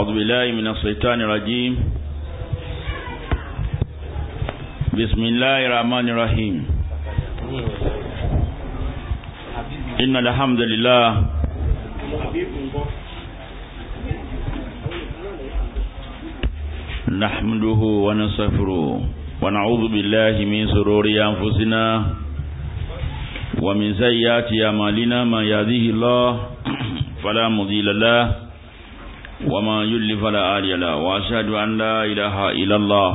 أعوذ بالله من الشيطان الرجيم بسم الله الرحمن الرحيم إن الحمد لله نحمده ونستغفره ونعوذ بالله من سرور أنفسنا ومن سيئات أعمالنا ما يهده الله فلا مضل له وما يل فلا آلي لا واشهد أن لا إله إلا الله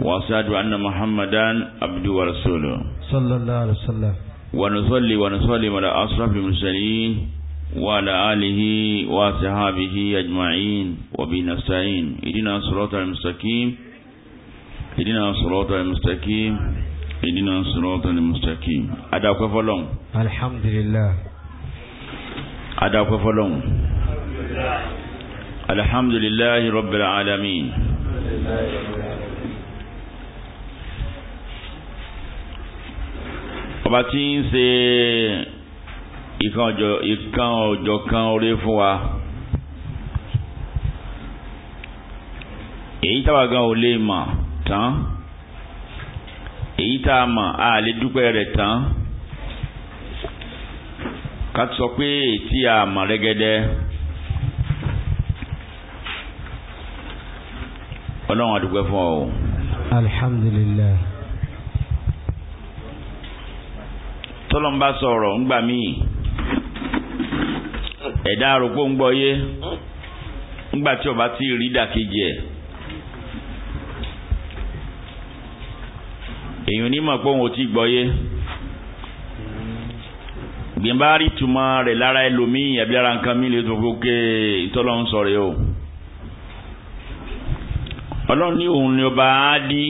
واشهد أن محمدا عبده ورسوله صلى الله عليه وسلم ونصلي ونسلم على أشرف المرسلين وعلى آله وصحبه اجمعين وبنستعين اهدنا الصراط المستقيم اهدنا الصراط المستقيم اهدنا الصراط المستقيم ادعوك فلون الحمد لله ادعوك فلون الحمد لله الحمد لله رب العالمين ọba tí ń ṣe ìkan ọjọ́ kan oore fún wa èyí táwa gan ò lè mọ̀ tán èyí tá a mọ̀ a lè dúpẹ́ rẹ̀ tán ká sọ pé tí a mọ̀ rẹ́gẹ́dẹ́. ọlọ́run àdúgbò fún ọ. alhamdulilayi. tọ́lọ́mbà sọ̀rọ̀ ńgbà míì ẹ̀dá àròpó ń gbọ́ yé ńgbà tí ọba ti rí dàkejì ẹ̀. èyàn ní mọ̀ pé òun ò tí gbọ́ yé gbìyànjú rí tuma rẹ̀ lára ẹlòmíì àbí ara nǹkan mi lè tó kó ké ìtọ́lọ́ ń sọ̀rọ̀ yìí o ọlọ́run ní òun ni ọba áádí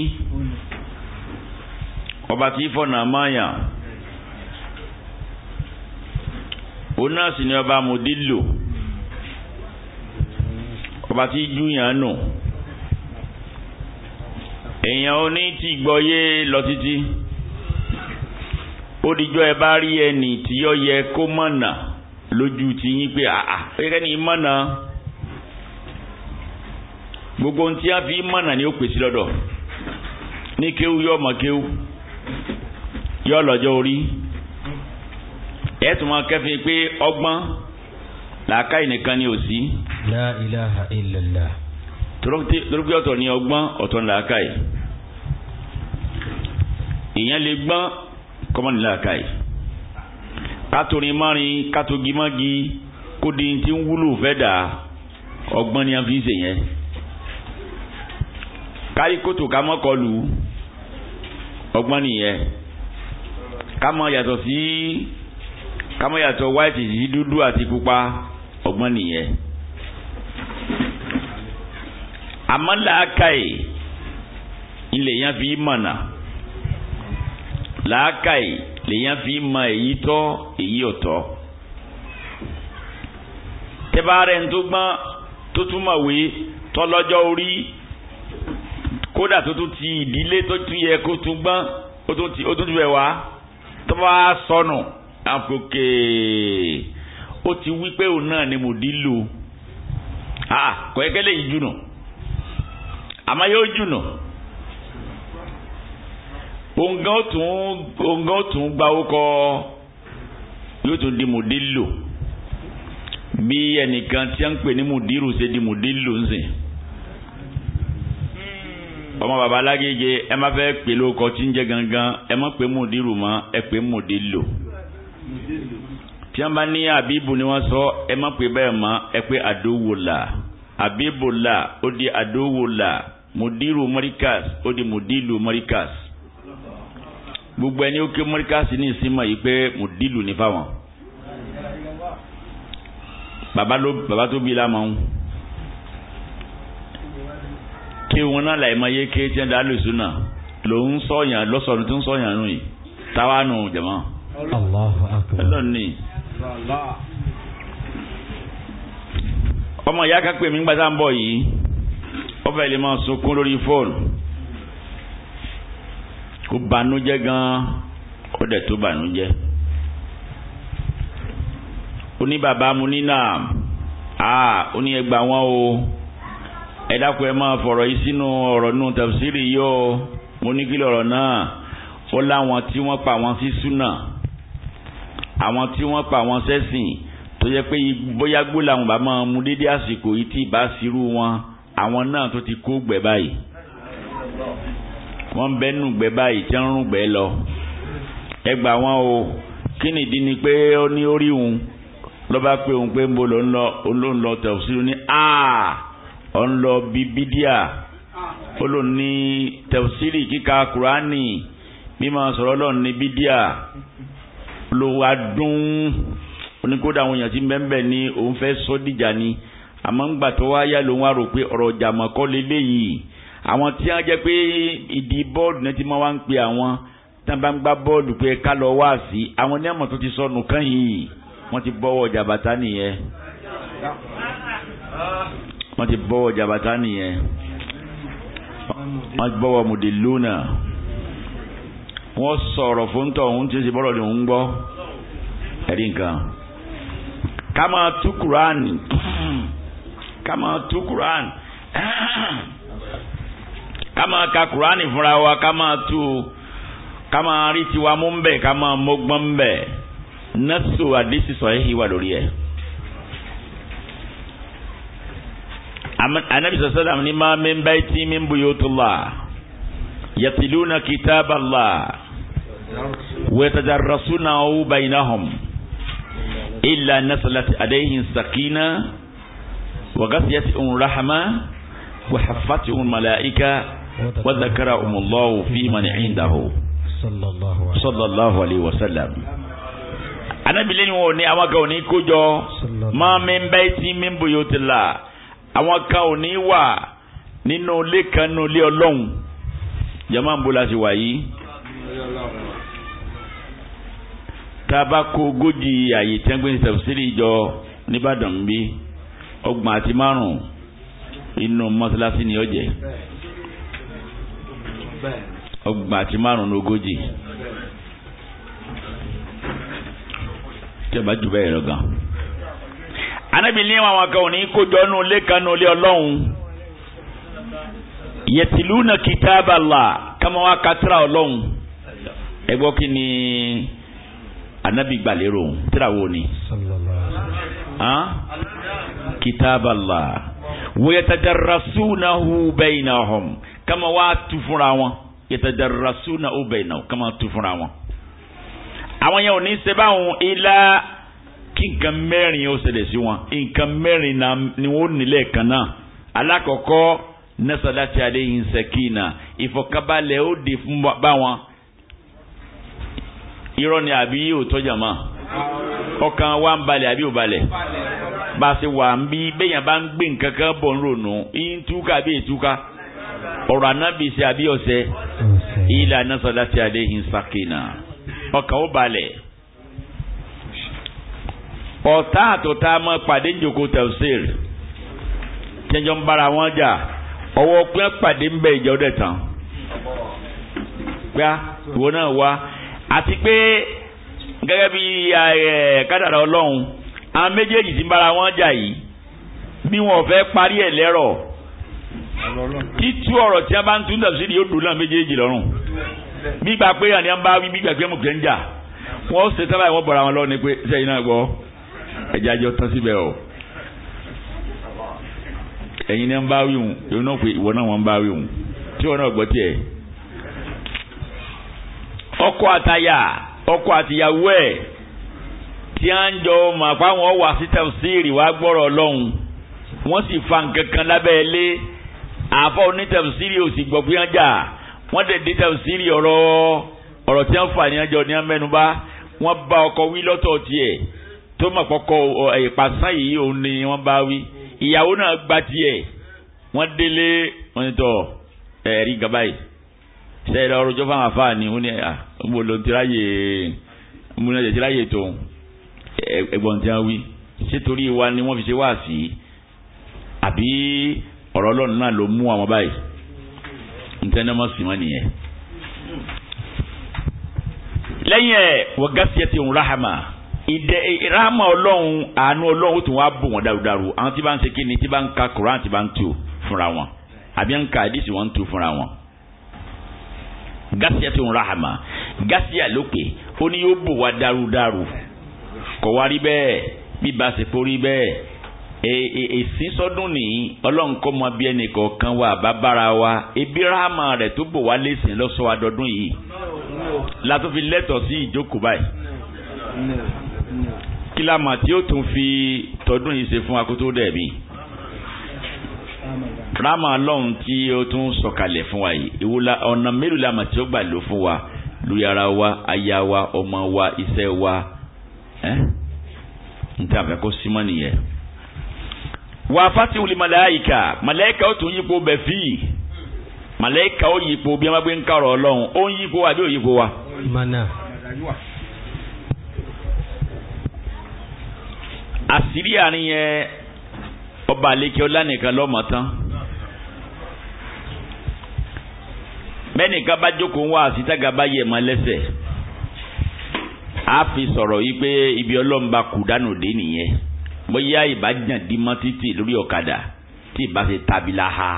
ọba tí fọ̀nà máyà òun náà sì ni ọba mòdìlò ọba tí júyàn nù èèyàn oní ti gbọ́yé lọ títí ó dijọ́ ẹ bá rí ẹnì tí yọ yẹ kó mọ̀nà lójú tiyín pé àà ẹ̀kẹ́ ni mọ̀nà gbogbo ntí a fi ni ó pèsè lọ́dọ̀ ní kéwú yọ ọmọ kéwú yọ lọ́jọ́ orí ẹ tún wọn kẹfìn pé ọgbọ́n làákàyè nìkan ni ò sí. la ilaha illallah. torókè ọ̀tọ̀ ni ọgbọ́n ọ̀tọ̀ ni làákàyè èèyàn lè gbọ́n kọ́mọ́ ni làákàyè kátòrin márin kátógi mági kó di ti ń wúlò fẹ́ dà ọgbọ́n ni a fi ń ṣe yẹn kárí kótó ká mọ́ kọlù ọgbọ́n nìyẹn ká mọ́ yàtọ̀ sí ká mọ́ yàtọ̀ wáìtì sí dúdú àti pupa ọgbọ́n nìyẹn. àmọ́ làákàyè ilẹ̀ yẹn fi mọ̀nà làákàyè lèyàn fi mọ èyí tọ́ èyí ò tẹ́bàárẹ̀ ń tó gbọ́n tó túmọ̀ wé tọ́lọ́jọ́ orí kódà tó tún ti ìdílé tó tún yẹ kó tún gbọ́n ó tún ti ó tún ti bẹ̀ wá tó bá sọnù àfòkè ó ti wí pé òun náà ni mo dílù kò yẹ kẹ́lẹ́ yìí jùnù àmọ́ yóò jùnù òǹgàn tún òǹgàn tún gba owó yóò tún di mo dílù bí ẹnìkan tí wọ́n ń pè ní mo dírù ṣe di mo dílù ń sìn ọmọ baba lágége ẹ má fẹ́ pè lóko tí ń jẹ gangan ẹ má pè mùdírù mọ́ ẹ pè mùdílò tí wọ́n bá ní àbíbù ni wọ́n sọ ẹ má pè bẹ́ẹ̀ mọ́ ẹ pè àdówòlà àbíbòlà ó di àdówòlà mùdírù mọ́ríkàs ó di mùdílù mọ́ríkàs gbogbo ẹni ó ké mọ́ríkàs ní ìsinmi yìí pé mùdílù ní fáwọn baba tó bí la máa ń ké wọn náà láì máa yé ké tí wọn dá lè sùn náà ló ń sọyàn lọsọdún tó ń sọyàn nù yìí táwa nù jẹmọ. ọlọ́ọ̀ni ọmọ ìyá kan pè mí gbàtà ń bọ̀ yìí ó fẹ́ lè máa sunkún lórí fóònù kó banújẹ́ gan-an ó dẹ̀ tó banújẹ́ oní bàbá mu ní náà ó ní ẹgbàá wọn o ẹ dákun ẹ máa fọ̀rọ̀ yìí sínú ọ̀rọ̀ nù tafsiri yìí o mo ní kí lọ̀rọ̀ náà ó láwọn tí wọ́n pa wọn sí súnà àwọn tí wọ́n pa wọn sẹ́sìn tó yẹ pé bóyá gbó làwọn bá máa mu dédé àsìkò yìí tí ìbá sírú wọn àwọn náà tó ti kó gbẹ báyìí wọ́n bẹ́nu gbẹ báyìí tí wọ́n rún gbẹ lọ ẹ gbà wọn o kí nìdí ni pé ó ní orí òun lọ́ba pé òun pé ń bo lòun lọ òun ló ń lọ tẹ̀síwọ́n ní aaa ọ̀n lọ bí bídíà ó lò ní tẹ̀síìrì kíka kùránì mímọ sọ̀rọ̀ lọ́n ní bídíà ló wá oníkódà àwọn èèyàn ti mẹ́mbẹ̀ ní òun fẹ́ sọ dìjà ni àmọ́ ńgbà tó wá yá lòun wá rò pé ọ̀rọ̀ ọjà mọ̀kọ́ lélẹ́yìí àwọn tí wọ́n jẹ́ pé ìdí bọ́ọ̀lù náà ti máa wá ń pe àwọn tí wọ́n bá ń gbá bọ́ọ̀lù pé ká lọ wá sí àwọn ní àmọ̀ tó ti sọnù kàn yìí wọ́n ti bọ́wọ́ ọjà bàtà nìyẹn wọ́n ti bọ́wọ́ jabata nìyẹn wọ́n ti bọ́wọ́ mùdìlúnà wọ́n sọ̀rọ̀ fún tọ̀hún tí ó ti bọ́rọ̀ ni òun gbọ́ ẹ̀rí nǹkan ká máa tú kuraani ká máa tú kuraani ká máa ka kuraani fúnra wa ká máa tú ká máa rí tiwa mú ń ká máa mọ́gbọ́n ń bẹ̀ nọ́ọ̀sì yìí wà lórí ẹ̀. anabi sallam ni ma min baiti min buyutullah yatiluna kitaballah wa yatadarrasunahu bainahum illa nasalat alayhim sakina wa ghasiyatuhum rahma wa haffatuhum malaika wa dhakarahum Allah fi man indahu sallallahu alayhi wa sallam anabi lẹ́yìn wo ni àwọn kan ò ní kó jọ ma min baiti min buyutullah àwọn kan ò ní wà nínú ilé kan nínú ilé ọlọ́run jama ń bó la ṣe wà yìí tába kó ogójì àyè tí wọ́n gbé tafsiri jọ nìbàdàn bí ọgbọ̀n àti márùn inú mọ́sálásí ni ó jẹ́ ọgbọ̀n àti márùn-ún ogójì tí a bá jù bẹ́ẹ̀ lọ gan anabi ní àwọn kan ò ní kó jọ nù lé kan nù lé ọlọ́run yẹtìlúnà kìtàbà là kàmá wa kàtìrà ọlọ́run ẹ gbọ́ kí ni anabi gbàlérò tíra wo ni kìtàbà là wòyẹtàdàrasúnahu baynahum kàmá wa tu fúnra wọn yẹtàdàrasúnahu baynahum kàmá tu fúnra wọn àwọn yẹn ò ní ṣe báwọn ilá kí nǹkan mẹ́rin ó ṣẹlẹ̀ sí wọn nǹkan mẹ́rin ni wọ́n nílẹ̀ kan náà alákọ̀ọ́kọ́ nasalati aleyhin sakina ìfọ̀kàbalẹ̀ ó di fún ba wọn irọ́ ni àbí òótọ́ jàmá ọkàn wa ń balẹ̀ àbí ò balẹ̀ bá a ṣe wà ń bí bẹ́yàn bá ń gbé nǹkan kan bọ̀ ń ronú yín túká àbí ètúká ọ̀rọ̀ anábì ṣe àbí ọ̀sẹ̀ ìlànà salati aleyhin sakina ọkàn ó balẹ̀ ọ̀tá àtọ̀tá máa pàdé ìjòkó tafsir jẹjọ ń bára wọn jà ọwọ́ pẹ́ pàdé ń bẹ ìjà ọdẹ tán gbá ìwọ náà wá àti pé gẹ́gẹ́ bí kádàrá ọlọ́run àwọn méjèèjì ti ń bára wọn jà yìí bí wọn fẹ́ parí ẹ̀ lẹ́rọ̀ títú ọ̀rọ̀ tí a bá ń tún tafsir yóò dùn náà méjèèjì lọ́rùn bí gbà pé àní bá wí bí gbà pé mo kẹ́ ń jà wọ́n ṣe sábà wọ́n bọ̀ra wọn lọ́wọ́ ni pé sẹ́yìn náà gbọ́ ẹ̀jẹ̀ àjọ tán síbẹ̀ o ẹ̀yin náà ń bá wíwùn èyí náà pé ìwọ náà wọ́n ń bá wíwùn tí wọ́n náà gbọ́ tiẹ̀. ọkọ àtàyà ọkọ àtìyàwó ẹ̀ tí a ń jọ mọ̀ àpáwọn wà sí tẹ̀síìrì wá gbọ́rọ̀ lọ́hùn wọ́n sì fa nǹkan kan lábẹ́ ilé àfọ̀ onítẹ̀síìrì ò sì gbọ̀ bí wọ́n jà wọ́n dẹ̀ dé tẹ̀síìrì ọ̀rọ̀ ọ̀rọ̀ tí wọ́n fà ní àjọ ní wọ́n bá ọkọ wí lọ́tọ̀ tiẹ̀ tó mọ̀ kọ́kọ́ ìpàsán yìí òun ni wọ́n bá wí ìyàwó náà gba tiẹ̀ wọ́n délé wọ́n ti tọ̀ ẹ̀rí gaba yìí sẹ́yìn ọ̀rọ̀ jọ́ fáwọn afáàní wọ́n ní à mo lọ tiráyè mo lọ tiráyè tó ẹ̀gbọ́n tí wọ́n wí ṣé torí wa ni wọ́n fi ṣe wá sí àbí ọ̀rọ̀ ọlọ́run náà ló mú àwọn báyìí ntẹ́nẹ́mọ́ sì mọ́ nìyẹn lẹ́yìn ẹ̀ wọ́n gásìẹ́ ti ń ráhàmà ìdẹ ìrámà ọlọ́run àánú ọlọ́run ó tún wá bò wọ́n dàrúdàrú àwọn tí bá ń ṣe kí ni tí bá ń ka koran tí bá ń tu fúnra wọn àbí ń ka àdìsí wọn ń tu fúnra wọn. gásíà tó ń rahama gásíà lókè ó ní yóò bò wá dàrúdàrú kò wá rí bẹ́ẹ̀ bí ba ṣe forí bẹ́ẹ̀ e, e, èsì sọdún nìyí ọlọ́run kọ́ mọ bí ẹnì kọ̀ọ̀kan wà bàbára wa ebi rahama rẹ̀ tó bò wá lẹ́sìn lọ́sọ̀ọ́ adọ́dún yìí látó fi lẹ́tọ̀ọ́ sí ìjókòó báyìí kílámà tí ó tún fi tọdún yìí ṣe fún akótó dẹ̀bi rama lọ́hùn tí ó tún sọ̀kalẹ̀ fún wa yìí ìwúlá ọ̀nà mélòó lámà tí ó gbà lò fún wa lórí ara wa aya wa ọmọ wa iṣẹ́ wa ẹ́ n tẹ́ àfẹ́ kó símọ́ nìyẹn. wà fásitì wuli màláyìíkà màláyìíkà ó tún yípo bẹ̀ fíì màláyìíkà ó yípo bí wọ́n bá gbé ń kárọ̀ ọlọ́run ó ń yípo àbí ó yípo wa. àṣírí àárín yẹn ọba àlekẹ́ ọlánìkan lọ́mọ tán. bẹ́ẹ̀nìkan bá jókòó ń wá àsítága bá yẹ̀ mọ́ lẹ́sẹ̀ a fi sọ̀rọ̀ yìí pé ibi ọlọ́run bá kú dánù dé nìyẹn bóyá ìbàjàn dímọ́ títì lórí ọ̀kadà tí ìbá ṣe tàbí láha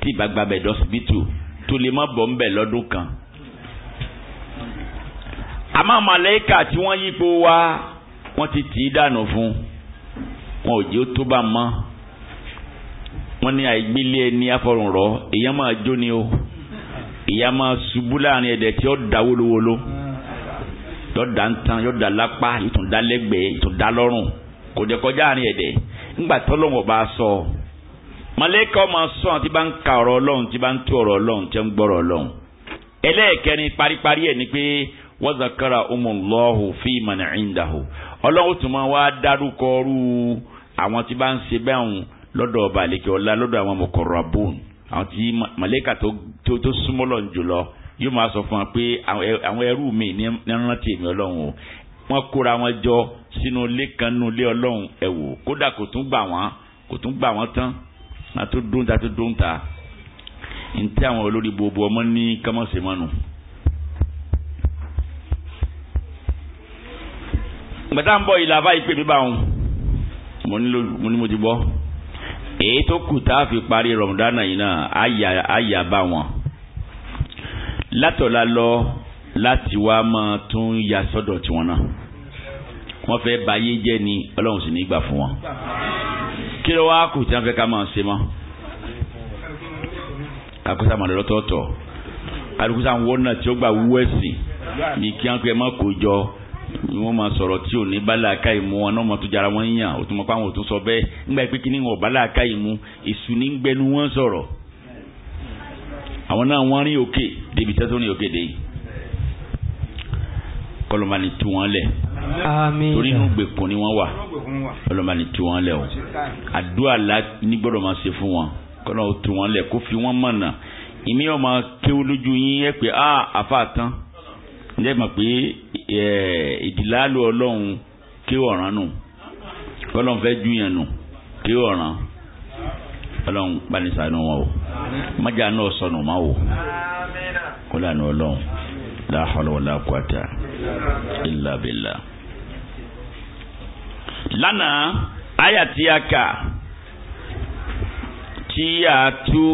tí ìbá gbàbẹ̀ dọ́sibítù tó lè mọ́ bọ̀ kan. àmọ́ màlẹ́kà tí wọ́n yípo wá wọ́n ti tì í dànù wọn ò jẹ́ tó bá mọ́ wọn ní àìgbélé ẹni afọrùnrọ̀ máa jó ni o èyàn máa ṣubú láàrin ẹ̀dẹ̀ tí ó da wolowolo yọ da ntan yọ da lápá ìtún da lẹ́gbẹ̀ẹ́ ìtún da lọ́rùn kò kọjá àárín ẹ̀dẹ̀ ńgbà bá sọ sọ àti bá ń ka ọ̀rọ̀ ọlọ́run tí bá ń ọ̀rọ̀ ọlọ́run tí ń gbọ́rọ̀ ọlọ́run ẹlẹ́ẹ̀kẹrin paríparí ẹ̀ ni pé wọ́n ọlọ́run máa wá àwọn tí bá ń ṣe báwọn lọ́dọ̀ ọba àlekè ọlá lọ́dọ̀ àwọn mọ̀kọ̀rọ̀bùn àwọn tí màlẹ́kà tó súnmọ́ lọ jùlọ yóò máa sọ fún wa pé àwọn ẹrú mi ní rántí èmi ọlọ́run o wọ́n kóra wọn jọ sínú ilé kan nínú ilé ọlọ́run ẹ̀ wò kódà kò tún gbà wọ́n kò tún gbà wọ́n tán àti dóńtà àti dóńtà ntí àwọn olórí gbogbo ọmọ ní kámọ́sẹ̀ mọ́nu. gbàtà ń bọ̀ ìlà báyìí pé mi bá wọn mo ní lójú mo ní mo ti gbọ́ èyí tó kù tá a fi parí rọmọdánà yìí náà àyà àyà bá wọn látọ̀la lọ láti wá máa tún ya sọ́dọ̀ tiwọn náà wọ́n fẹ́ bayé jẹ́ ni ọlọ́run sì ní gbà fún wọn kí ló wá kù tí wọ́n fẹ́ ká máa ṣe mọ́ àkóso àmàlẹ́ lọ́tọ̀ọ̀tọ̀ àdúgbò sáwọn wọ́n náà tí ó gbà wú ẹ̀sìn ní kí wọ́n pẹ́ mọ́ kó jọ ni wọ́n máa sọ̀rọ̀ tí ò ní bálàkà ìmú wọn náà mọ̀ tó jara wọn yàn ó tún mọ̀ pé àwọn ò tún sọ bẹ́ẹ̀ ńgbà pé kí ni wọn bálàkà ìmú èṣù ní gbẹnu wọn sọ̀rọ̀ àwọn náà wọ́n rí òkè débi tẹ́tọ́ ní òkè dé yìí kọlọ́mọ̀ni tú wọn lẹ̀ torí inú gbèkùn ni wọ́n wà kọlọ́mọ̀ni tú wọn lẹ̀ o àdúrà la ní gbọ́dọ̀ máa ṣe fún wọn kọlọ́mọ̀ tú wọn lẹ̀ kó fi wọ́n mọ̀nà ìmí ọmọ kéwú lójú yín ẹ pé a ah, àfa tán ǹjẹ́ mọ̀ pé ìdílálò ọlọ́run kí ọ̀ràn nù ọlọ́run fẹ́ ju yẹn nù kí ọ̀ràn ọlọ́run panisanu wọn o májà náà sọnù máa wò kó lànà ọlọ́run la hawla wala billah. lánàá àyà tí a kà tí a tú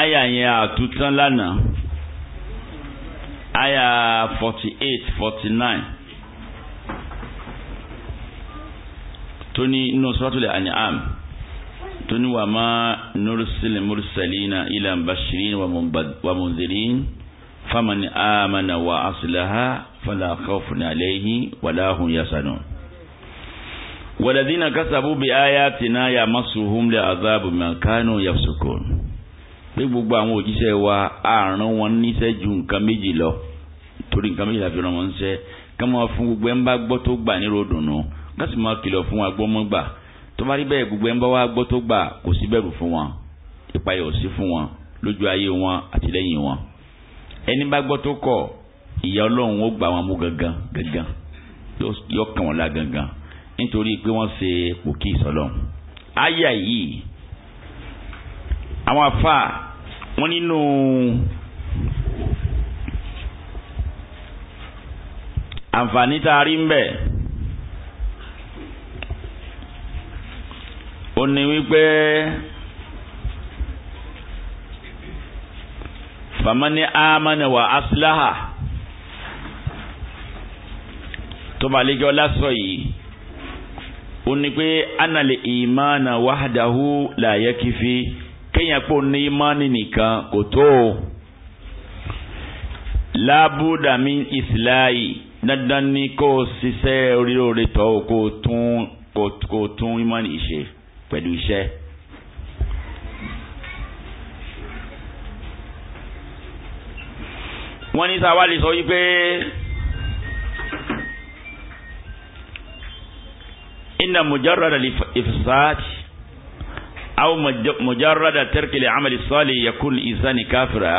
àyà yẹn àtúntán lánàá aya forty eight forty nine tóní inú suratul an'am tóní wà má nursil mursalina ila bashirin wa munzirin faman amana wa aslaha fala khawfun alayhi wala hum yasanun waladhina kasabu bi ayatina yamassuhum la adhabu ma kanu yafsukun pé gbogbo àwọn òjíṣẹ́ wa àrùn wọn níṣẹ́ ju nǹkan méjì lọ torí nǹkan méjì la fi rán wọn níṣẹ́ ká máa fún gbogbo ẹ̀ ń bá gbọ́ tó gbà nírò dùnú ká sì máa kìlọ̀ fún wa gbọ́ mọ́ gbà tó bá rí bẹ́ẹ̀ gbogbo ẹ̀ ń bá wa gbọ́ tó gbà kò sí bẹ̀rù fún wọn ìpayà sí fún wọn lójú ayé wọn àti wọn ẹni bá gbọ́ tó kọ̀ ìyà ọlọ́run ó gbà wọn mú gangan gangan yọ kàn wọn lá gangan nítorí pé wọ́n ṣe pòkì ìsọlọ́run àwọn afa wọn nínú àǹfààní tá a rí ń bẹ ó ní wípé famani amana wa aslaha tó bá lẹ́jọ́ lásọ yìí ó ní pé anale imana wahdahu la yakifi kéèyàn pò ní ìmánì nìkan kò tó o lábúdàmí ìsìláyì dandan ni kó o ṣiṣẹ́ oríire tọ́ o kó o tún kó o tún ìmánì ṣe pẹ̀lú iṣẹ́. wọ́n ní sáwá lè sọ wípé inna mujarrada ifsad أو مجرد ترك العمل الصالح يكون الإنسان كافرا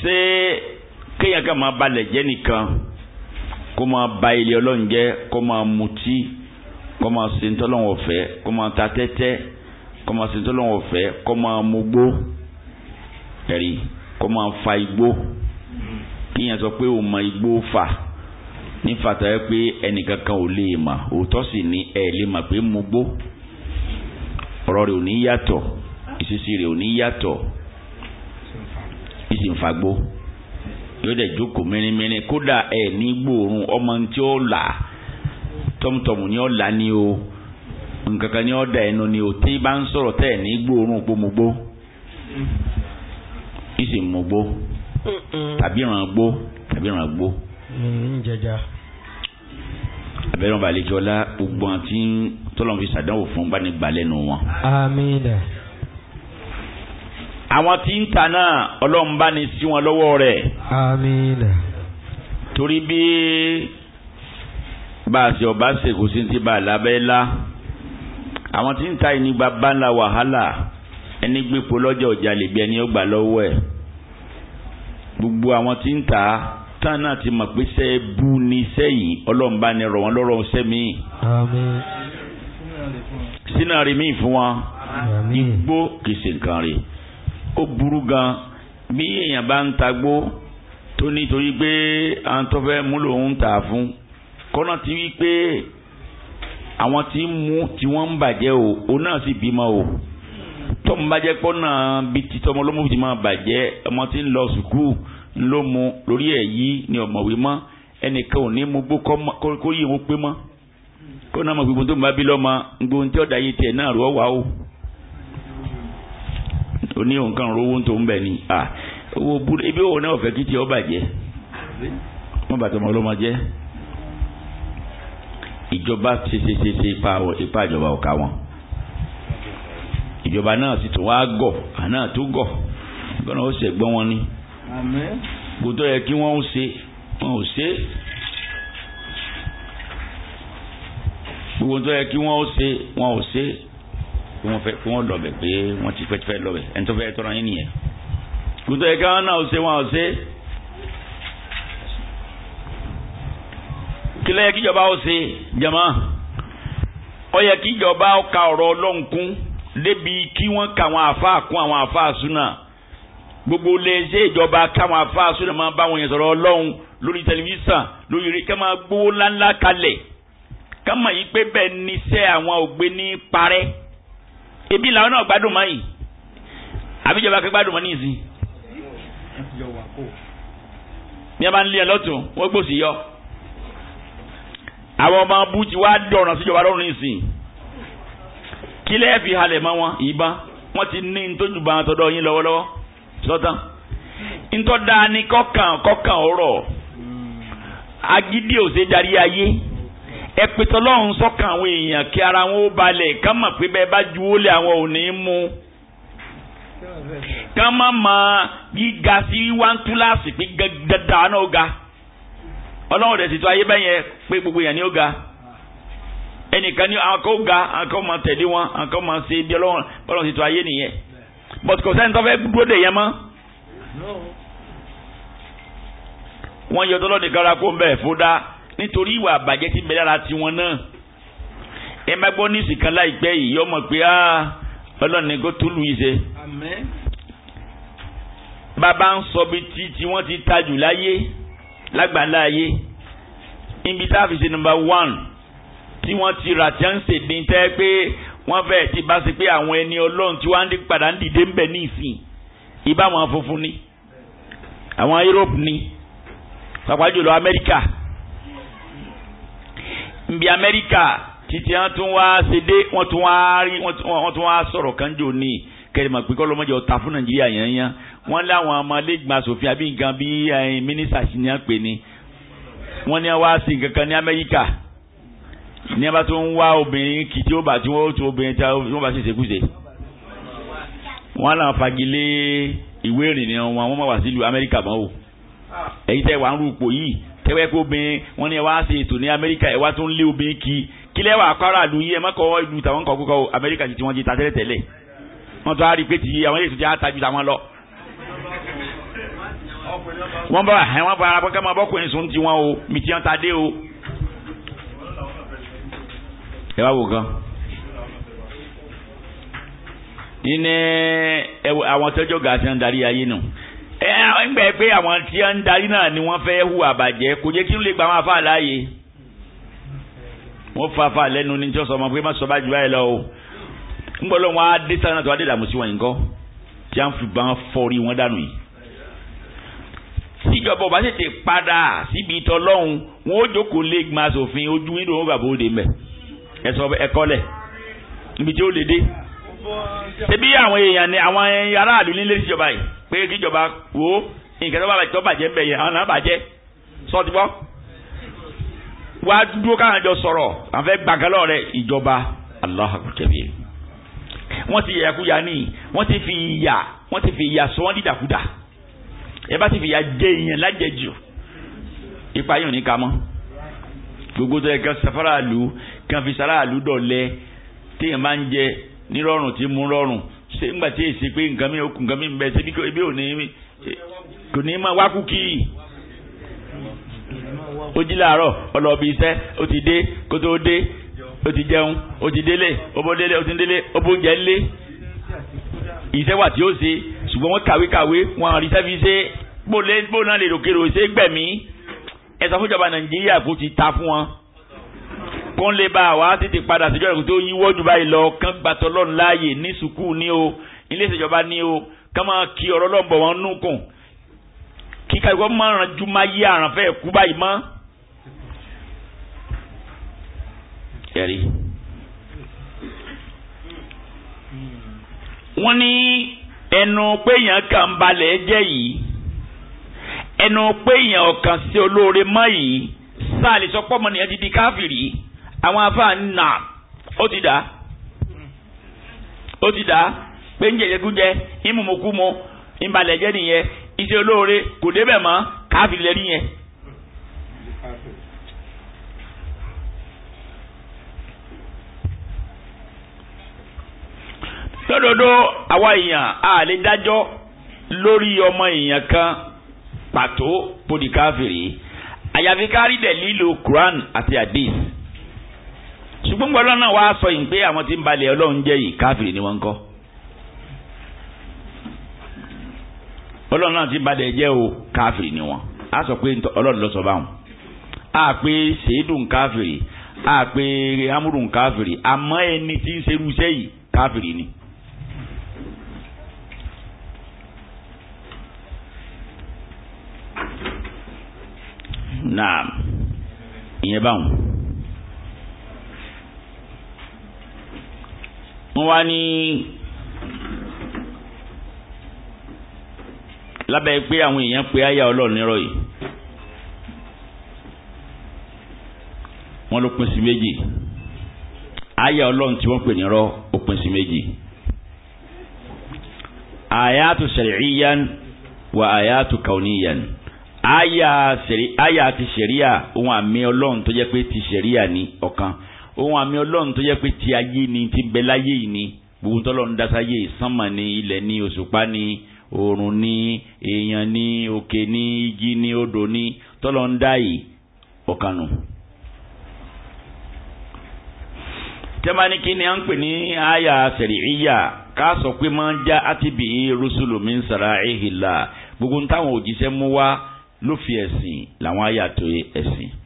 ṣé kéèyàn kan máa balẹ̀ jẹ́ nìkan kó máa ba ilé ọlọ́run jẹ́ kó máa mutí kó máa ṣe ntọ́lọ́wọ̀n ọ̀fẹ́ kó máa ta tẹ́tẹ́ kó máa ṣe ntọ́lọ́wọ̀n ọ̀fẹ́ kó fa igbó kíyàn sọ pé òun mọ igbó fà nífàtà yẹ ni ẹ̀ lè mà pé mugbó ọ̀rọ̀ rẹ̀ ò ní yàtọ̀ ìṣesí rẹ̀ ò ní yàtọ̀ ìsìnfagbó yóò dẹ̀ jókòó mẹ́rinmẹ́rin kódà ẹ̀ ní gbòòrùn ọmọ tí ó là tọ́mùtọ́mù ni ó là ní o nǹkankan ni ó da ẹnu ni o tí bá ń sọ̀rọ̀ tẹ́ ẹ̀ ní gbòòrùn gbòmùgbò ìsìnmugbó tàbí ìràngbó tàbí ìràngbó abẹ́rẹ́ wọn balẹ̀ jọlá gbogbo àti tọ́lọ̀ fi sàdánwò fún bani gbalẹ̀ nù wọn. amiina. àwọn tí ń ta náà ọlọ́run bá ní sí wọn lọ́wọ́ rẹ̀. amiina. torí bí bá a ṣe ọba ṣe kò sí ti bá a lábẹ́ la àwọn tí ń ta yìí ní bàbá ńlá wàhálà ẹni gbépo lọ́jà ọ̀jà lè bí ẹni ó gbà lọ́wọ́ ẹ̀ gbogbo àwọn tí ń ta tán náà ti mọ̀ pé sẹ́ bú ni sẹ́yìn ọlọ́run bá ní rọ̀ wọ́n lọ́rọ̀ sẹ́mi. àmín. mi fún wa igbó kìsì nǹkan rè ó burú gan bí èèyàn bá ń tagbó tó nítorí pé à ń tọ́fẹ́ mú lòun ń tà fún kọ́nà ti wí pé àwọn tí ń mú tí wọ́n ń bàjẹ́ o òun náà sì bímọ o tọ́mú bá jẹ́ pọ́nà bíi títọ́mọ ti máa bàjẹ́ ọmọ tí ń lọ sùkúù ló mu lórí ẹ̀ yìí ni ọ̀mọ̀wé mọ́ ẹnìkan ò ní mu gbó kó yìí wọn pé mọ́ kó náà mọ̀ gbogbo tó ń bá bí lọ́mọ gbogbo tí ọ̀dà yìí tiẹ̀ náà rọ́ wá o oní nǹkan rówó tó ń bẹ̀ ni owó búrẹ́ ibi òun náà ọ̀fẹ́ kí tiẹ̀ ọba jẹ́ wọ́n bàtà ọmọ ọlọ́mọ jẹ́ ìjọba ṣeṣeṣeṣe ipa ìjọba ọ̀ka wọn ìjọba náà sì tún wá gọ̀ àná tó gọ̀ gbọ́dọ̀ ó ṣẹ̀gbọ́n wọn ni gbòtọ́ yẹ kí wọ́n ṣe wọn ò ṣe gbogbo tó yẹ kí wọ́n ṣe wọn ò ṣe kí wọ́n fẹ́ kí wọ́n lọ́bẹ̀ pé wọ́n ti fẹ́ lọ́bẹ̀ ẹni tó fẹ́ tọ́ra yín nìyẹn gbogbo tó yẹ kí wọ́n náà ṣe wọn ò ṣe kí ló yẹ kí ìjọba ó ṣe jama ó yẹ kí ìjọba ó ka ọ̀rọ̀ ọlọ́nkún débi kí wọ́n ka àwọn àfa kún àwọn àfa súnà gbogbo lẹ́sẹ̀ ìjọba káwọn afáà sódà máa bá wọn yẹn sọ̀rọ̀ ọlọ́run lórí tẹlifíṣàn lórí eré ká máa gbówó ńláńlá kalẹ̀ ká mọ̀ yí pé bẹ́ẹ̀ ni iṣẹ́ àwọn ògbé ní parẹ́ ebi làwọn náà gbádùn mọ́ yìí àbíjọba kẹ́ gbádùn mọ́ ní ìsìn. ní a bá ń lé ẹ lọ́tún wọ́n gbòòsì yọ àwọn ọmọ abú ti wá dọ̀ràn síjọba lọ́rùn ní ìsìn kílẹ̀ fi halẹ̀ mọ́ wọn ìbọn wọ́n ti ní ntójú bá wọn yín lọ́wọ́lọ́wọ́. sọ́tàn daa ni kọ́kàn kọ́kàn ọ̀rọ̀ agídí òsè darí ayé ẹ pé sọ́kàn àwọn èèyàn kí ara wọn ó balẹ̀ ká mọ̀ pé bẹ́ẹ̀ bá lé àwọn òní ní ká má mọ gíga sí wáńtúláàsì pé dáadáa náà ga ọlọ́run rẹ̀ sì gbogbo ya ni ó ga ẹnìkan ni àwọn kan ó ga àwọn kan ó tẹ̀lé wọn but kò sẹ́ni tó fẹ́ dúró dè yẹn mọ́. wọ́n yọ tọ́lọ́ nìkan ra kó ń bẹ̀ fún dá nítorí ìwà àbàjẹ́ ti bẹ̀rẹ̀ ara tiwọn náà. ẹ má gbọ́ ní ìsìnkan láìpẹ́ yìí ọmọ pé ah, ọlọ́ni kò tún lù yìí ṣe. bàbá ń sọ bí tí tí wọ́n ti tajù láyé lágbàlá ayé ibi tá a fi ṣe number one tí wọ́n ti rà tí wọ́n ń ṣèdín tẹ́ pé wọ́n fẹ́ ti bá ṣe pé àwọn ẹni ọlọ́run tí wọ́n á padà ń dìde ń bẹ̀ ní ìsìn ibà àwọn funfun ni àwọn Europe ni pàápàá jùlọ Amẹ́ríkà nbí Amẹ́ríkà títí wọ́n tún wá ṣe dé wọ́n tún wá rí wọ́n tún wá sọ̀rọ̀ kanjo ní kẹrìmọ pé kọlọmọdé ọta fún Nàìjíríà yẹn yẹn láwọn ọmọ asòfin àbí nǹkan bíi mínísà sí ni wọ́n pè ní wọ́n ní wá sí nǹkan kan ní Amẹ́ríkà ní abá tó ń wá obìnrin kì tí ó bá tí wọ́n tó obìnrin tí wọ́n bá sì ṣèkúṣe. wọ́n làwọn fagilé ìwé ìrìnnà wọn wọ́n máa wá sílùú amẹ́ríkà mọ́ o. èyí tẹ́ wà ń rúpò yìí tẹ́wẹ́ kó obìnrin wọ́n ní ẹ wá ṣe ètò ní amẹ́ríkà ẹ wá tó ń lé obìnrin kì í kí lẹ́wà àkọ́rà lu yìí ẹ má ìlú tàwọn kọ́ kókọ́ amẹ́ríkà ti wọ́n ti ta tẹ́lẹ̀ tẹ́lẹ̀ wọ́n tó á rí pé ti àwọn ètò ti á tajú tàwọn lọ. wọ́n bá wọ́n bá ara bọ́kẹ́ máa sùn ti o mi ti hàn ta dé o ẹ wá wò gan. ní àwọn tọ́jọ́ gà tí wọ́n ń darí ayé nù. ẹ ń gbẹ pé àwọn tí ń darí náà ni wọ́n fẹ́ hùwà bàjẹ́ kò jẹ́ kí ló lè gba àwọn afá láàyè. wọ́n fa afá lẹ́nu ní jọ́sọ̀ ọmọ pé má sọ bá ju báyìí lọ o. ń gbọ́ lọ́wọ́ wọn á dé sáré náà ìdààmú sí wọn yìí kọ́ tí wọ́n fi bá wọn fọ́ọ̀rí wọn dànù yìí tíjọba ọba tètè padà síbi ìtọ́lọ́hún wọn ó jókòó lé gbọ́n aṣòfin ojú nínú bàbá òde mẹ́ẹ̀ ẹ̀sọ́ ẹ̀kọ́lẹ̀ níbi tí ó lè dé. ṣebí àwọn èèyàn ni àwọn aráàlú nílé ìjọba yìí pé kíjọba wo nǹkan tó bàjẹ́ ń bẹ̀ yẹn àwọn náà bàjẹ́ sọ ti bọ́. wá dúró káwọn jọ sọ̀rọ̀ àwọn fẹ́ gbàgálọ̀ rẹ ìjọba Allah akutabi wọ́n ti yàyàkúyà ní wọ́n ti fi ìyà wọ́n ti fi ìyà sọ wọ́n dídàkudà ẹ bá ti fi ìyà jẹ èèyàn lájẹjù ipa yìí ní ka gbogbo tó yẹ ká safara lu kan fi sára àlùdọ̀ lẹ téèyàn bá ń jẹ nírọ̀rùn tí mú rọ̀rùn ṣé ńgbà tí èsì pé nǹkan mi ò kù nǹkan mi ń bẹ ṣé bí ò ní kò ní máa wá kúkì ó jí làárọ̀ ọlọ́ọ̀bì iṣẹ́ ó ti dé kó tó dé ó ti jẹun ó ti délé ó bó délé ó ti délé ó bó jẹ lé iṣẹ́ wà tí ó ṣe ṣùgbọ́n wọ́n kàwé kàwé wọn àrí sẹ́fi ṣe bó náà lè rògbèrò ṣe gbẹ̀mí ẹ sọ fún ìjọba Nàìjíríà kó ti ta fún wọn kó ń lè bá wa tètè padà síjọ́ ìkú tó yíwọ́ jù báyìí lọ kán gbàtọ́ lọ́nù láàyè ní sùkúù ní o ilé ìṣèjọba ní o kán máa kí ọ̀rọ̀ lọ́nbọ̀ wọn nù kùn kí kálukọ́ máa ràn ju máa yí àràn fẹ́ kú báyìí mọ́. ẹ̀rí. wọ́n ní ẹnu pé èèyàn kàn ń balẹ̀ jẹ́ yìí ẹnu pé èèyàn ọ̀kan sí olóore mọ́ yìí sáà lè sọ pọ́ ọmọ nìyẹn ti di káfìrí. àwọn afáà nà ó ti dà ó ti dà pé ń jẹjẹkújẹ ìmùmùkúmu ìbàlẹ̀jẹ́ nìyẹn iṣẹ́ olóore kò débẹ̀ mọ́ káfíń lẹ́rí yẹn. lọ́dọọdọ́ àwa èèyàn a lè dájọ́ lórí ọmọ èèyàn kan pàtó podikafiri àyàfi ká rí dẹ̀ lílo Quran àti hadith ṣùgbọ́n gbọ́dọ̀ náà wàá sọ yìí pé àwọn tí ń balẹ̀ ọlọ́run jẹ́ yìí káfíìrì ni wọ́n ń kọ́ ọlọ́run náà ti balẹ̀ jẹ́ o káfíìrì ni wọ́n á sọ pé ọlọ́run lọ sọ báwọn á pé ṣèédùn káfíìrì á pé amúrùn káfíìrì àmọ́ ẹni tí ń ṣerú iṣẹ́ yìí ni. naam ìyẹn báwọn. wọ́n wá ní lábẹ́ pé àwọn èèyàn pé àyà ọlọ́run nírọ̀ yìí wọ́n ló pín sí méjì àyà ọlọ́run tí wọ́n pè nírọ̀ ó pín sí méjì àyàtú sẹ̀ríyàn wà àyàtú kàwníyàn àyà ti sẹ̀ríyà ohun àmì ọlọ́run tó jẹ́ pé ti sẹ̀ríyà ní ọ̀kan ohun àmì ọlọ́run tó yẹ pé ti ayé ni ti bẹ láyé yìí ni gbogbo tọ́lọ́run dásáyé ìsánmà ni ilẹ̀ ni òṣùpá ni oòrùn ni èèyàn ni òkè ni igi ni odò ni tọ́lọ́run dá yìí ọ̀kanù. tẹ́mání kí ni à ń pè ní àyà sẹ̀ríyà ká sọ pé máa ń já átìbì rúṣùlù mi ń sara ehìlá gbogbo táwọn òjíṣẹ́ mú wá ló ẹ̀sìn làwọn àyà tó ẹ̀sìn.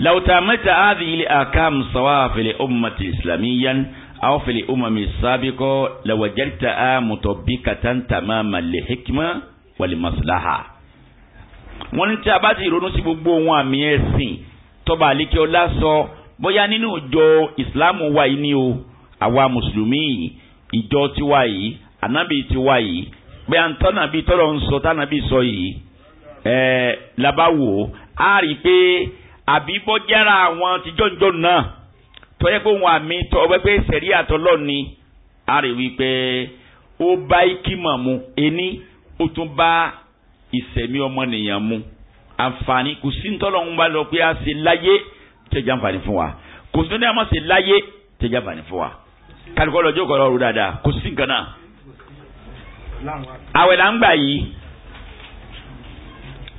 لو àdìyí هذه الأكام سواء في الأمة الإسلامية أو في àmùtọ̀ السابقة kàtàntàmà màlẹ̀ hikima wàlẹ̀ maslaha. wọ́n ní tí a bá ti ronú sí gbogbo ohun àmì ẹ̀sìn tọ́ba àlékè ọlá sọ bóyá nínú ìjọ ìsìláàmù wa yìí ni o àwa mùsùlùmí yìí ìjọ tiwa yìí ànábì tiwa yìí pé àǹtọ́nà bíi tọ́lọ̀ ń sọ tánàbì sọ yìí ẹ̀ẹ́ labawo a rí i pé àbí bọ́jára àwọn tíjọ́njọ́ náà tọ́yẹ́ pé òun àmì tọ́wẹ́ pé sẹ̀rí àtọ́lọ́ ni a rè wí pé ó bá ikímọ̀ mu ení ó tún bá ìsẹ̀mí ọmọnìyàn mu àǹfààní kò sí ntọ́lọ́hún bá lọ pé a ṣe láyé tẹ̀jà àǹfààní fún wa kò sí ní a máa ṣe láyé tẹ̀jà àǹfààní fún wa kálukọ́ lọ́jọ́ kọ́ lọ́rùú dáadáa kò sí nǹkan náà àwẹ̀ là ń gbà yìí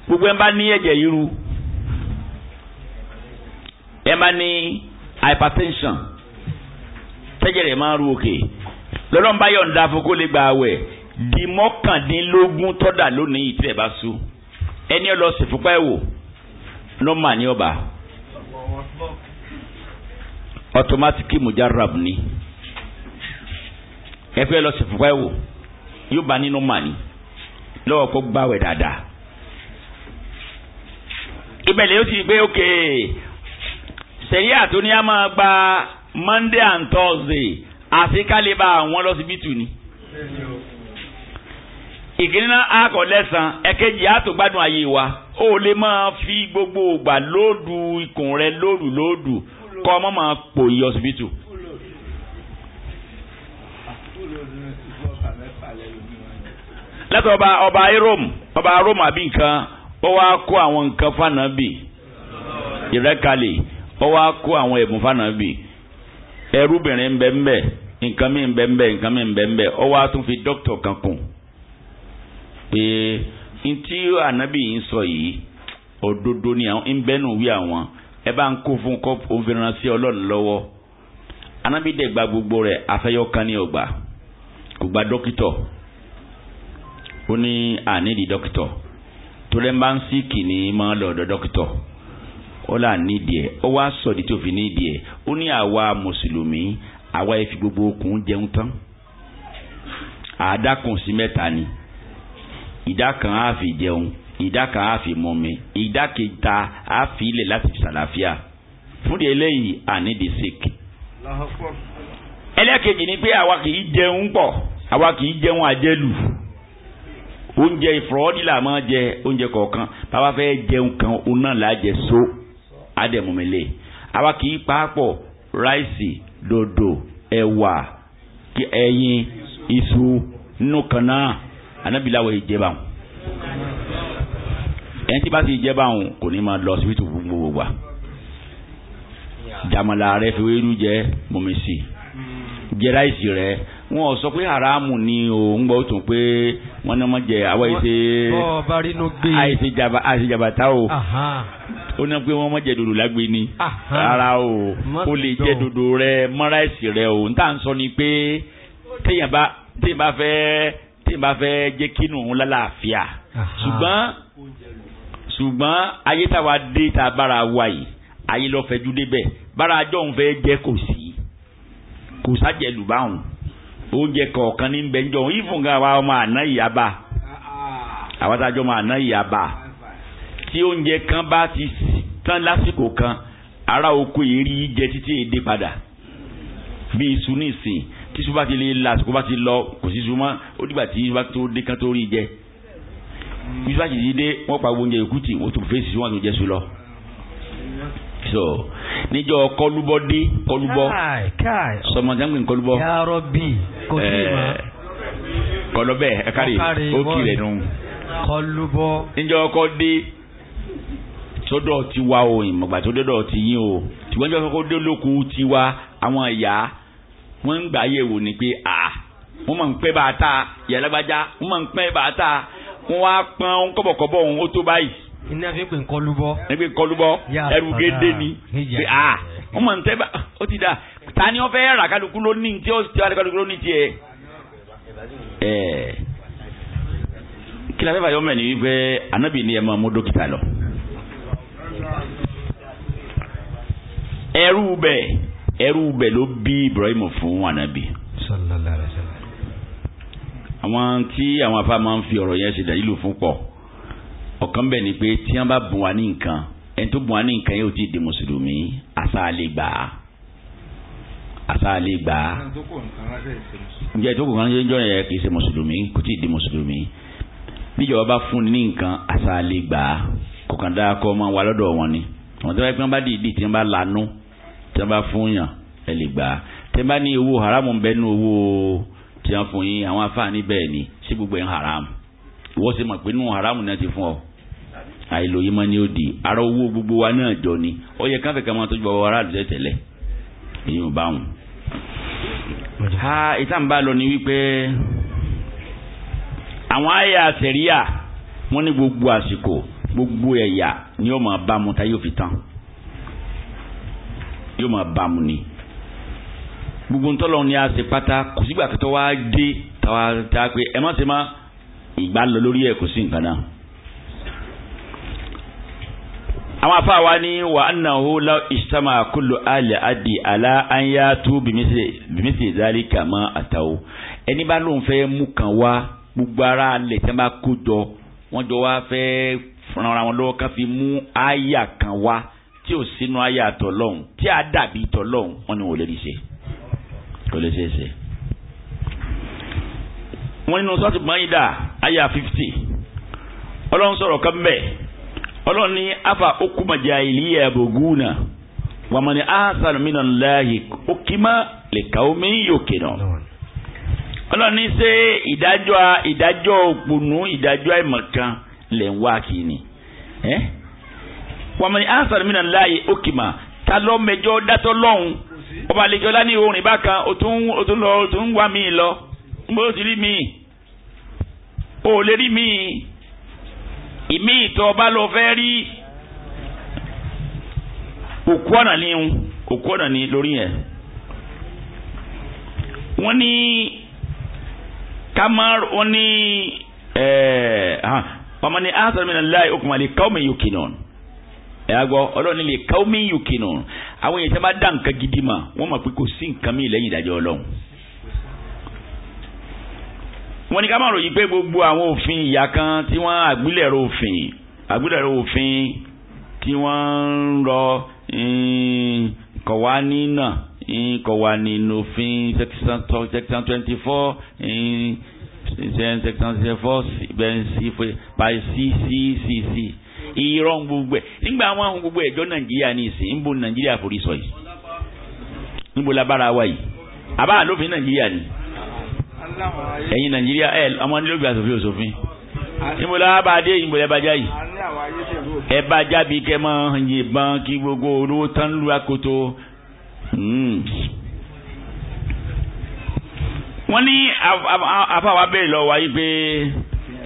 gbogbo ẹ̀ bá ní ẹ̀jẹ̀ yìí ru ẹ bá ní hypertension tẹ́jẹ̀ rẹ̀ máa ń ru òkè lọ́dọ̀ bá yọ̀ǹda fún kó lè gba àwẹ̀ di mọ́kàndínlógún tọ́dà lónìí ìtìlẹ̀ bá sú ẹni ọlọ sì fúnpá ẹ̀ wò nọ́mà ní ọba ọtọmátìkì mujarab ni ẹ fẹ́ fúnpá ẹ̀ wò yóò bá nínú mà ní lọ́wọ́ kó gbàwẹ̀ dáadáa ìbẹ̀lẹ̀ yóò ti gbé òkè sẹ̀rí àtúní á máa gba Monday and Thursday àfi kálíbà àwọn lọ́sibítù ni. ìkíní náà á kọ̀ lẹ́sàn ẹ̀kejì á tó gbádùn ayé wa ó lè máa fi gbogbo ìgbà lóòdù ikùn rẹ lóòdù lóòdù kọ́ ọmọ máa pò yí ọsibítù. látọ̀ ọba ọba rome ọba rome àbí nǹkan ó wá kó àwọn nǹkan fànàbì ìrẹ́kalẹ̀ ó wá kó àwọn ẹ̀bùn fànàbì ẹrúbìnrin bẹ́ẹ̀nbẹ́ nǹkan mi bẹ́ẹ̀nbẹ́ nǹkan mi bẹ́ẹ̀nbẹ́ ó wá tún fi dókítà kan kùn pé ntí ànábì yìí ń sọ yìí òdodo ni àwọn ń bẹ́nu wí àwọn ẹ bá ń kó fún kọ́ òǹfìrànà sí ọlọ́run lọ́wọ́ ànábì dẹ̀ gba gbogbo rẹ̀ afẹ́yọ́kan ní ọgbà kò gba dókítà ó ní àníìdí dókítà tó lẹ́ bá ń sí kìnnìún máa lọ́dọ̀ dókítà ó là nídìí ẹ̀ ó wá sọ ní tí òfin nídìí ẹ̀ ó ní àwa mùsùlùmí àwa ẹ̀ gbogbo okùn jẹun tán àádákùn sí mẹ́ta ni ìdá kan á fi jẹun ìdá kan á fi mọmi ìdá kẹta á fi ilẹ̀ láti fi sàlàfíà fún de eléyìí ànídìí sèkì. ẹlẹ́kejì ni pé àwa kì í jẹun pọ̀ àwa kì í jẹun àjẹlù oúnjẹ ìfọwọ́dí là máa jẹ oúnjẹ kọ̀ọ̀kan bàbá fẹ́ jẹun kan òun là á jẹ so àdẹ̀mọ̀mẹ́lẹ̀ àwa kì í paapọ̀ ráìsì dòdò ẹ̀wà ẹyin iṣu nínú kan náà anábìláwọ̀ ìjẹba wọn ẹni tí bá ti jẹ́ báwọn kò ní máa lọ síbítù gbogbo wa jàmàlà rẹ fi wéru jẹ mọ̀mísì jẹ ráìsì rẹ wọn ò sọ pé haramu ni o ń gbọ́ tún pé wọn náà má jẹ àwa ìṣe àìṣe jàbàtà o ó ní pé wọ́n mọ̀ jẹ́ dodo lágbe ni rárá o ó lè jẹ́ dodo rẹ mọ́ra ẹ̀sì rẹ o níta ń sọ ni pé téèyàn bá téèyàn bá fẹ́ téèyàn bá fẹ́ jẹ́ kínú òun lálàáfíà ṣùgbọ́n ṣùgbọ́n ayé táwa dé ta bára wa yìí ayé lọ́ọ́ fẹ́jú débẹ̀ bára ajọ́ òun fẹ́ jẹ́ kò sí kò sájẹ̀lù báwọn oúnjẹ kọ̀ọ̀kan ní bẹ́ńjọ́ ìfúnga wa ọmọ àná ìyá bá ah, ah. àwọn tájọ́ ọmọ àná ìyá bá tí oúnjẹ kan bá ti tán lásìkò kan ara oko yìí rí jẹ títí èdè padà bí iṣu ní ìsìn tí iṣu bá ti lè la àsìkò bá ti lọ kò sí iṣu mọ́ ó dìgbà tí iṣu bá tó dé kan tó rí jẹ iṣu bá ti di dé wọ́n pa oúnjẹ yòókù tì wọ́n tó fèsì wọ́n tó jẹ iṣu lọ. so níjọ kọlúbọ dé kọlúbọ sọmọdéńgbè kọlúbọ eh, kọlọbẹ ẹ kárí ó kiri ẹ nù níjọ kọ dé sọ́dọ̀ tiwa o ìmọ̀gbà tó dọ́dọ̀ ti yín o tiwọn jọ kọ́kọ́ dé lóko tiwa àwọn ìyá wọ́n ń gbà yẹ̀wò ni pé à wọ́n máa ń pẹ́ bá a ta yàlágbájá wọ́n máa ń pẹ́ bá a ta wọ́n wá pọ́n kọ́bọ̀kọ́bọ̀ òun ó tó báyìí. iná fi pè ń kọlu bọ́. ẹ pé kọlu bọ́ ẹrù gédé ni pé à wọ́n máa ń tẹ́ bá ó ti dà ta ni wọ́n fẹ́ rà kálukú ló tí ó ti wá kálukú ló ní ẹ kí la fẹ́ fà yọ mẹ́rin wípé anábì ni ẹ máa mú dókítà lọ. ẹrú bẹ̀ ẹrú bẹ̀ ló bí Ibrahim fún ànábì. sallallahu alaihi wasallam. àwọn tí àwọn afá máa ń fi ọ̀rọ̀ yẹn ṣe dàílù fún pọ̀ ọ̀kan bẹ̀ ni pé tí wọ́n bá bùn wá ní nǹkan ẹni tó bùn wá ní nǹkan yóò ti di mùsùlùmí àṣà lè gbà á àṣà lè ǹjẹ́ ìtókò kan ṣe ń jọ́ yẹn kì ṣe mùsùlùmí kò tí ì di mùsùlùmí bíjọba bá fún ní nǹkan àṣà lè gbà dáa kọ́ máa wà lọ́dọ̀ wọn ni àwọn tó bá yẹ wọ́n bá dìídì tí wọ́n bá lanú tí wọ́n bá fún yàn ẹ lè gbà á tẹ́ bá ní owó haramu ń bẹ nínú owó tí wọ́n fún yín àwọn afáàní bẹ́ẹ̀ ni sí gbogbo ẹ̀ ń haramu ìwọ́n sì mọ̀ pé nínú haramu náà ti fún ọ àìlóye mọ́ ni ó di ara owó gbogbo wa náà jọ ni ó yẹ káfẹ́ kan máa tọ́jú bàbá wa aráàlú tẹ́tẹ̀lẹ̀ èyí ò bá wọn. ha ìtàn bá lọ ni wípé àwọn àyà àṣẹríyà wọ́n ní gbogbo àsìkò gbogbo ẹ̀yà ni ó máa bá mu tá yóò tán yóò máa bá mu ni gbogbo ntọ́lọ́ ni a ṣe pátá kò sígbà kẹtọ́ wá dé tàwa ta pé ẹ má ṣe má ìgbà lọ lórí ẹ kò sí nǹkan náà. àwọn afa wa ni wa annahu la istama kullu ali adi ala an ya tu bimisi zali kama atawo ẹni bá lóun fẹ́ mú kan wá gbogbo ara lẹ̀ tẹ́ bá kó jọ wọ́n jọ wá fẹ́ fúnra wọn lọ́wọ́ ká fi mú kan wá tí ò sínú ayé àtọ̀lọ́hún tí a dàbí tọ̀lọ́hún wọn ni wọ́n lè ṣe kò lè ṣeé wọ́n nínú sọ́ọ̀tì mọ́yìdá ayé fifty ọlọ́run sọ̀rọ̀ kan bẹ́ẹ̀ ọlọ́run ní afa okumajà ìlíyà àbògúnà wàmọ̀ni ahasanu minan lahi okima lè kàwé yòókè náà ọlọ́ni ṣe ìdájọ́ ìdájọ́ òpònú ìdájọ́ àìmọ̀kan lè ń wá kí ni. Eh? wàmí ansar mi náà láàyè ókìmà ta lọ mẹjọ dátọ lọhùn ọba àlejò ọlá orin bákan o tún o tún lọ o tún wá mi lọ n bó ti rí mi o lè rí mi ìmí ìtọ́ ọba lọ fẹ́ rí òkú ọ̀nà ni òkú ọ̀nà ni lórí yẹn wọ́n ní kamar wọ́n ní ọmọ ní asọ̀rọ̀ mi náà láì okùnmọ̀ àlè káwọn mi yóò kì náà ẹ á gbọ́ ọlọ́run nílé káwọ́mí yòókìnà àwọn èèyàn tí wọ́n bá dá nǹkan gidi mà wọ́n mọ̀ pé kò sí nǹkan mí lẹ́yìn ìdájọ́ ọlọ́run. wọ́n ní ká máa ròyìn pé gbogbo àwọn òfin ìyá kan tí wọ́n àgbélẹ̀rọ òfin àgbélẹ̀rọ òfin tí wọ́n ń rọ kọ̀wá nínà kọ̀wá nínú òfin section twenty four section twenty four by c c c c irọ́ gbogbo ẹ̀ nígbà àwọn àwọn gbogbo ẹ̀jọ́ nàìjíríà ní ìsìn ń bo nàìjíríà forí sọ yìí ń bo labára wa yìí àbá àlófin nàìjíríà ni ẹ̀yin nàìjíríà ẹ̀ ọmọ nílòbí àtòfin òṣòfin ń bo lábá adé ń bo ẹbàjá yìí ẹbàjá bíi kẹ́ mọ́ yìnbọn kí gbogbo olówó tán lu akoto hmm. wọ́n ní àfàwà bẹ́ẹ̀ lọ wáyé pé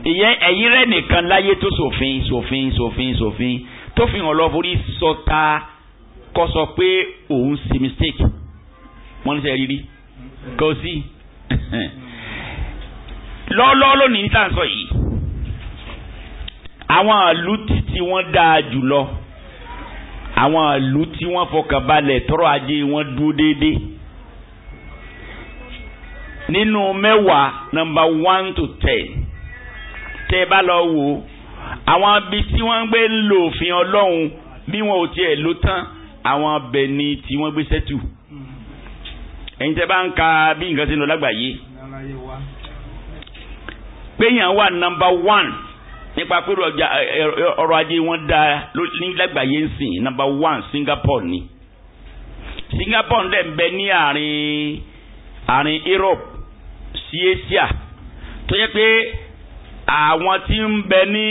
ìyẹn ẹ̀yìn rẹ̀ nìkan láyé tó ṣòfin ṣòfin ṣòfin ṣòfin tó fi hàn lọ forí sọta kọ sọ pé òun ṣe mistake wọ́n ní sẹ́ rírí kò sí lọ́ọ́lọ́ọ́ lónìí tá à ń sọ yìí àwọn ìlú tí wọ́n dáa jùlọ àwọn ìlú tí wọ́n fọkànbalẹ̀ tọrọ ajé wọn dúró déédéé nínú mẹ́wàá nọ́mbà one to ten tẹ́ ẹ bá lọ wò ó àwọn ibi tí wọ́n ń gbé lo òfin ọlọ́run bí wọn ò tiẹ̀ ló tán àwọn ọbẹ̀ ni tí wọ́n gbé sẹ́tù ẹ̀yin tẹ́ bá ń ka bí nǹkan ṣe ń lọ lágbàáyé péyàn wà nọ́mbà one nípa pé ọrọ̀ ajé wọn da ní lágbàáyé ń sìn nọ́mbà one Singapore ni Singapore dẹ̀ ń bẹ ní àárín àárín Europe sí Asia tó yẹ pé àwọn tí ń bẹ ní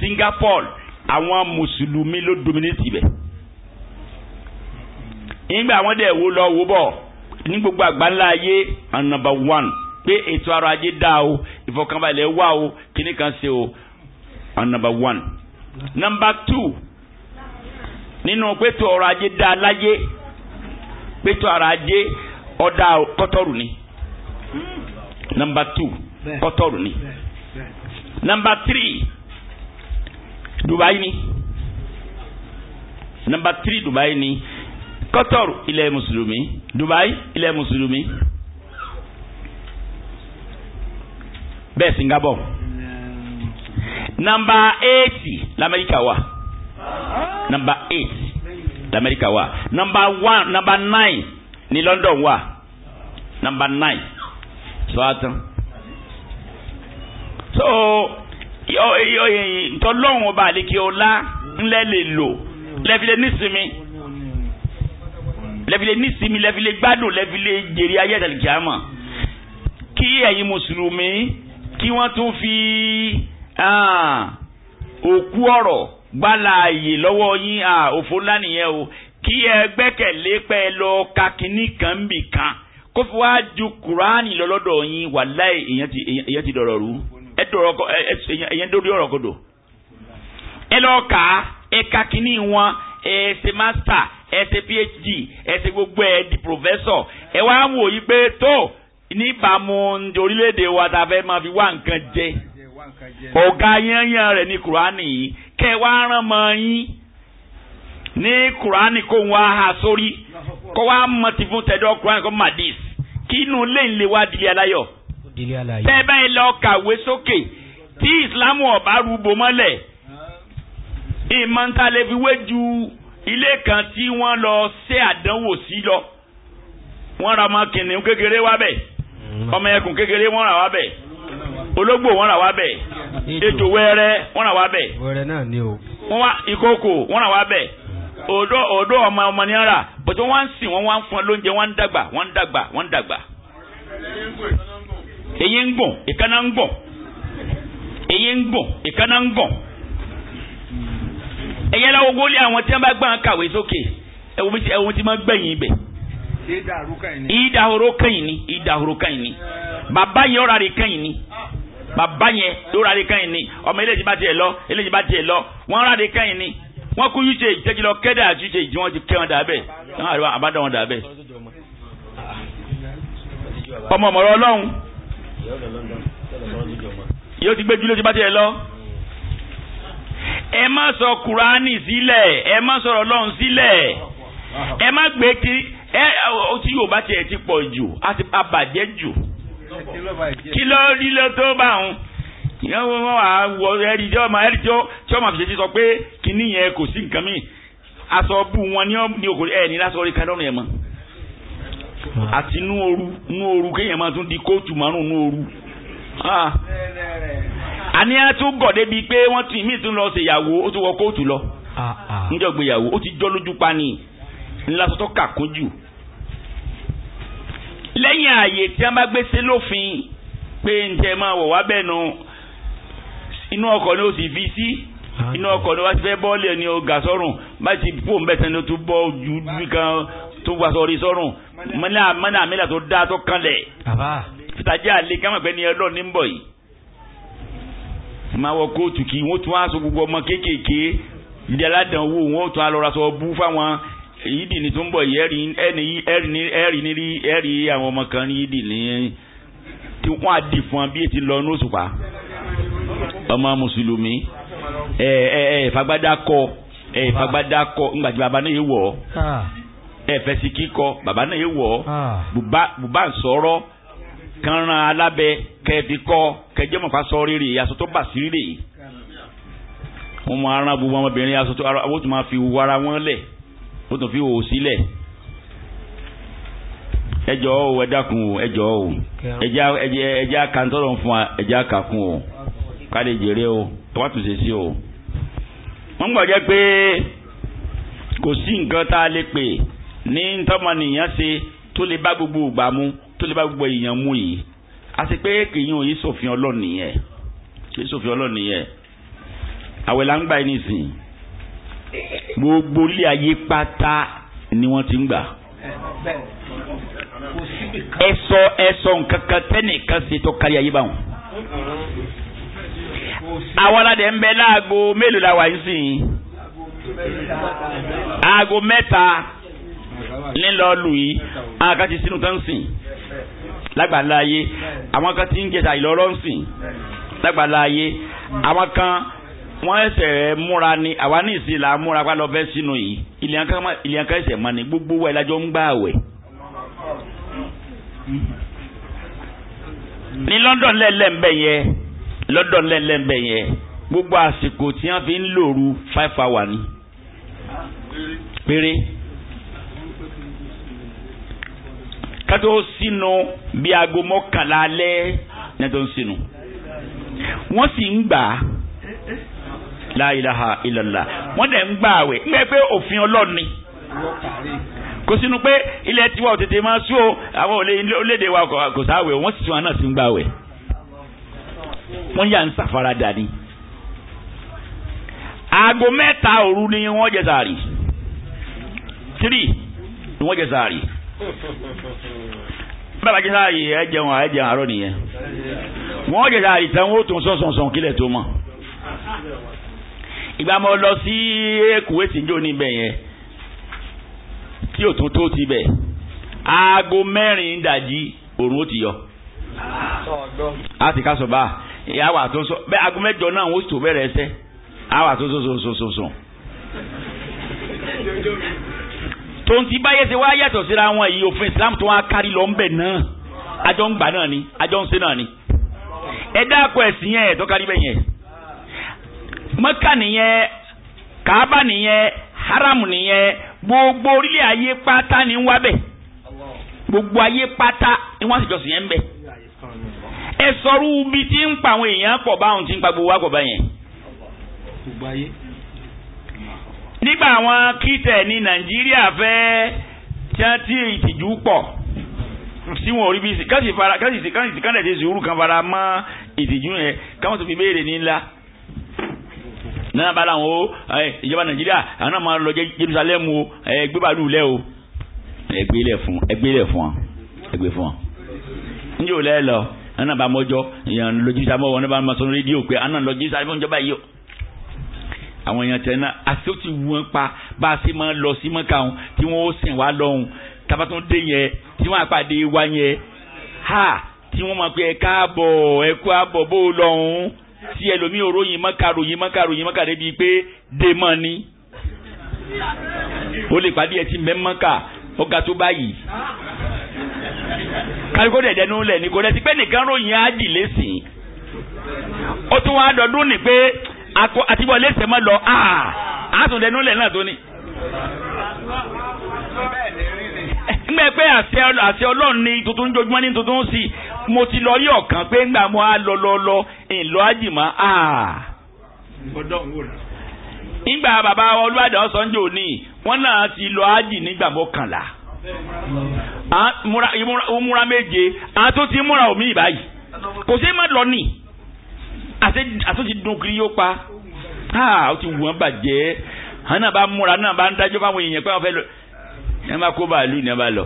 Singapore àwọn mùsùlùmí ló dominate ibẹ̀ nígbà wọn dẹ̀ wo lọ wo bọ̀ ní gbogbo àgbáńlá ayé number one pé ètò ọrọ̀ ajé dá o ìfọkànbalẹ̀ wà o kíní kan ṣe o number one number two nínú pétò ọrọ̀ ajé dá láyé pétò ọrọ̀ ajé ọ̀dà kọ́tọ́rù ni number two kọ́tọ́rù ni. Yeah number three Dubai ni number three Dubai ni Kotor ilẹ̀ mùsùlùmí Dubai ilẹ̀ mùsùlùmí bẹ́ẹ̀ Singapore number eight lamẹ́ríkà wa. number eight lamẹ́ríkà wa. number one number nine ni London wa. number nine sọ àtàn so ntọ́lọ́hún ọba àlekè ọlá ńlẹ́ lè lò lẹ́fílẹ̀ nísìmí lẹ́fílẹ̀ nísìmí lẹ́fílẹ̀ gbádùn lẹ́fílẹ̀ jèrè ayé àtàlìkíámà kí ẹ̀yin mùsùlùmí kí wọ́n tún fi ah, òkú ọ̀rọ̀ gbálààyè lọ́wọ́ yín ah, òfò ńlá nìyẹn o kí ẹ gbẹ́kẹ̀lé pẹ́ lọ ka kínní kan bì kan kó fi wá ju kùránì lọ́lọ́dọ̀ yín wàláì èèyàn ti dọ̀rọ̀ rú ẹ dọ̀rọ̀ kọ ẹ ẹyẹ dórí ọ̀rọ̀ kodò ẹ lọ́ọ́ kà á ẹ ka kínní wọn ẹ ṣe master ẹ e ṣe phd ẹ ṣe gbogbo ẹ e di professor ẹ e wá wò yí pé tó níbàámu orílẹ̀-èdè wa ta fẹ́ máa fi wá nǹkan jẹ ọ̀gá yányán rẹ̀ ní kùránì yìí kẹ́ ẹ wá rán mọ́ yín ní kùránì kó wá ha sórí kó wá mọ̀ tìfún tẹ̀dọ̀ kùránì kó mà kí inú lè lè wá dilẹ̀ aláyọ̀ délé àlàyé. bẹ́ẹ̀ báyìí lọ kàwé sókè tí ìsìlámù ọ̀bá rúbọ mọ́lẹ̀ ìmọ̀ntàlẹ́fiwé ju ilé kan tí wọ́n lọ ṣe àdánwò sí lọ wọ́n ra ọmọ kìnìún kékeré wá bẹ̀ mm. ọmọ ẹkùn kékeré wọ́n rà wá bẹ̀ ológbò wọ́n rà wá bẹ̀ ètò wẹ́rẹ́ wọ́n rà wá bẹ̀ wẹ́rẹ́ náà ni o wọ́n wá ìkókò wọ́n rà wá bẹ̀ òdó òdó ọmọ ọmọ ní ara bọ̀tọ̀ wọ́n ń sìn wọ́n wá ń fún ọ lóúnjẹ wọ́n ń dàgbà wọ́n ń dàgbà wọ́n ń dàgbà eyín ń gùn ìkànnà ń gùn eyín ń gùn ìkànnà ń gùn ẹ̀yẹ́ láwọn ogólé àwọn tí wọ́n bá gbọ́n kàwé sókè ẹ̀wọ̀n tí wọ́n gbẹ̀yìn ibẹ̀ ìdàhoro kẹ́yìn ni ìdàhoro kẹ́yìn ni bàbá yẹn ọ̀rà rẹ̀ kẹ́yìn ni bàbá yẹn lóra rẹ̀ kẹ́yìn ni ọmọ eléyìí bá tiẹ̀ lọ eléyìí bá tiẹ̀ lọ wọ́n ọ̀rà rẹ̀ kẹ́yìn ni wọ́n kú yúṣe ìtẹ́jú lọ kẹ́dà ìjì wọn ti kẹ́ wọn dà bẹ́ẹ̀ wọ́n àbádọ́ wọn dà bẹ́ẹ̀ ọmọ ọmọ ọlọ́run yóò ti gbẹ́jú ló ti bá tiẹ̀ lọ. ẹ má sọ kuraani sílẹ̀ ẹ má sọ̀rọ̀ lọ́hùn sílẹ̀ ẹ má gbé kiri ẹ ọ tí yóò bá tiẹ̀ ti pọ̀ jù á ti bàjẹ́ jù kí ló rí ló tó bá wọn ìyẹn wọn wà wọ ẹrí tí ọmọ ẹrí tí ọmọ àfìṣe ti sọ pé kínní yẹn kò sí nǹkan mi aṣọ bù wọn ní òkòlẹ ẹ ní lásán orí kan lọ́rùn yẹn mọ́. Ah. àti nú ooru nú ooru kéèyàn máa tún di kóòtù márùn nú ooru. àní ah. á tún gọ̀ débi pé wọ́n ti mí tún lọ ṣèyàwó ó tún wọ kóòtù lọ ah, níjọ́ gbéyàwó ó ti jọ́ lójú pa ni ńlá sọ́tọ́ kà kún jù. lẹ́yìn ààyè tí wọ́n bá gbé sí lófin pé ǹjẹ́ máa wọ̀ wá bẹ́ẹ̀ nu inú ọkọ̀ ni ó sì fi sí inú ọkọ̀ ni wọ́n ti fẹ́ bọ́ọ̀lì ẹni ọ̀gá sọ́rùn bá ti pò ń sẹ́ni ó tún bọ́ ojú kan tó wà sọ̀rí sọ́rùn mọ́nà mọ́nà mílà tó dáa tó kanlẹ̀. fìtàjẹ́ àlè kámọ̀gbẹ́ ni ẹlọ́ ní bọ̀ yìí. máa wọ kóòtù kí wọ́n tún aṣọ gbogbo ọmọ kéékèèké ìdí aládàn owó wọ́n tún alọ́ra sọ bú fáwọn yídì ni tó ń bọ̀ yìí ẹ̀rì ní rí ẹ̀rì àwọn ọmọ kan ní yídì ní tí wọ́n á dì fún ọ bí ètí lọ ní òṣùpá ọmọ mùsùlùmí ẹ ẹ ẹ fagbádá kọ ẹ fagbádá kọ ńgbàtí bàbá náà yẹ ẹ̀fẹ̀sì kíkọ bàbá náà yẹ wọ̀ ọ́ ah. bùbá ń sọ̀rọ̀ kanran alábẹ kẹfì kọ kẹjẹ mọ̀fà sọ rírì aṣọ tó bà sí rírì wọn máa rán gbogbo ọmọbìnrin aṣọ tó ara wọn tún máa fi wo ara wọn lẹ̀ wọn tún fi wò ó sílẹ̀ ẹjọ́ o ẹ o ẹjọ́ o ẹjẹ́ ẹjẹ́ akantọ́rọ̀ fún wa ẹjẹ́ akakun o káde jèrè o wá tún ṣe sí o. wọ́n gbọ́dọ̀ jẹ́ pé kò sí nǹkan tá a lè pè é ní tọ́mọnìyàn ṣe tó lè bá gbogbo ìgbà mu tó lè bá gbogbo èèyàn mu yìí àti pé kìyìn òye sòfin ọlọ́ọ̀nì yẹn kìí sòfin ọlọ́ọ̀nì yẹn àwẹ̀ là ń gbà yín nìsín gbogbo ilé ayé pátá ni wọ́n ti ń gbà ẹsọ ẹsọ nkankan tẹnìkan ṣe tó kárí ayé báwọn. àwọn aládé ń bẹ láago mélòó la wà yín sìn. aago mẹ́ta nílọ́ọ̀lù yìí àwọn kan ti sínú tán sìn lágbàlá ayé àwọn kan ti ń jẹta ìlọ́rọ̀ ń sìn lágbàlá ayé àwọn kan wọ́n ẹsẹ̀ múra ni àwa ní ìsìn là múra pa lọ fẹ́ sínú yìí ilé ẹ̀ka ẹsẹ̀ mọ́ ni gbogbo wa ìlàjọ ń gbà wẹ̀. ní London lẹ́lẹ́ ń bẹ̀ yẹn London lẹ́lẹ́ ń bẹ̀ yẹn gbogbo àsìkò tí wọ́n fi ń lòru five hours ni péré. Kato sínú bí aago mọ́kànlá alẹ́ ní ẹjọ́ ń sínú. ń gbà á la ilaha illallah wọ́n dẹ̀ ń gbà àwẹ̀ ń gbẹ́ pé òfin ọlọ́run ni kò sínú pé ilẹ̀ tiwa ò tètè máa sú o àwọn olédè wa kò sáwẹ̀ wọ́n sì tún wọn náà sí ń gbà àwẹ̀ wọ́n yà ń ṣàfaradà ni. aago mẹ́ta òru ni wọ́n jẹ sààrì tírì ni wọ́n jẹ sààrì bàbá jẹ́ sáà yìí ẹ jẹun ẹ jẹun àárọ̀ nìyẹn wọ́n jẹ́ sáà yìí tán wọ́n tún sọ̀sọ̀sọ̀ kílẹ̀ tó mọ̀ ìgbà mo lọ sí Kuwait njó níbẹ̀ yẹn tí ò tún tó ti bẹ̀ aago mẹ́rin dàjí òòrùn ó ti yọ a ti ká sọ bá àwa tó sọ bẹ́ẹ̀ aago mẹ́jọ náà ó sì tó bẹ̀rẹ̀ ẹsẹ̀ àwa tó sọ tó ń ti báyé ṣe wá yàtọ̀ síra wọn yìí òfin Islam tó wá kárí lọ ń bẹ̀ náà àjọ ń gbà náà ni àjọ ń ṣe náà ni ẹ dákọ̀ ẹ̀sìn yẹn tó kárí bẹ́ẹ̀ yẹn Mẹ́kà nìyẹn Kaaba nìyẹn Haram nìyẹn gbogbo orílẹ̀ ayé pátá ni ń wá bẹ̀ gbogbo ayé pátá ni wọ́n sì jọ sìn yẹn ń bẹ̀ ẹ sọrú bí ti ń pa àwọn èèyàn pọ̀ báwọn ti ń pa gbogbo wa pọ̀ báyẹn nígbà àwọn kìtẹ̀ ní nàìjíríà fẹ́ tí wọ́n ti ìtìjú pọ̀ tí wọn ò rí bí sí káàsì fara káàsì sí káàsì sí káàsì sí sùúrù kan fara mọ́ ìtìjú yẹn káwọn tó fi béèrè ní ńlá náà bá làwọn o ìjọba nàìjíríà àwọn náà máa lọ Jerusalem o ẹgbẹ bàálù lẹ o ẹgbẹ lẹ fún ẹgbẹ lẹ fún wa ẹgbẹ fún wa njẹ́ ò lẹ́ lọ àwọn náà bá mọ́jọ́ ìyàn wọn náà bá mọ́ sọ́nù rédíò pé àwọn náà lọ Jerusalem ń yìí o àwọn èèyàn tẹ̀ náà àti ó ti wù wọ́n pa bá a ṣe máa lọ sí mọ́ka wọn tí wọ́n ó sìn wá lọ́hùn tábà tó ń dé yẹn tí wọ́n àpàdé wá yẹn ha tí wọ́n máa pe ẹ káàbọ̀ ẹ kú àbọ̀ bó lọ́hùn tí ẹlòmíì òróyìn mọ́ka ròyìn mọ́ka ròyìn mọ́ka débi pé dé mọ́ ni ó lè pàdé ẹ ti mẹ́mọ́ka ọ̀gá tó báyìí kálukó dẹ̀dẹ̀ ní olè ní kò dẹ̀ ti pé nìkan ròyìn á dì lẹ́sìn ó tún wá dọ̀dún akọ àtiwọlé sẹ́mọ́ lọ àtúndẹ̀nulẹ̀ ah, náà tó ní. nígbà pé àṣẹ ọlọ́run ni tuntun jojúmọ́ ní tuntun sí mo ti lọ yọ̀ kan pé ńgbà mo á lọ lọ lọ ìlọ àjìmọ́ nígbà ah. bàbá olúwàdàn sọ́njò ní wọ́n náà ti lọ ájì nígbà mọ́kànlá ah, múra méje àtúntì múra omi ìbáyìí kò sí má lọ nìí àtúntì dùn kiri yóò pa ó ti wù wọ́n bàjẹ́ àwọn náà bá múra náà bá ń dájọ́ fáwọn èèyàn pé wọ́n fẹ́ lọ ẹ má kó bàálù ní ẹ bá lọ.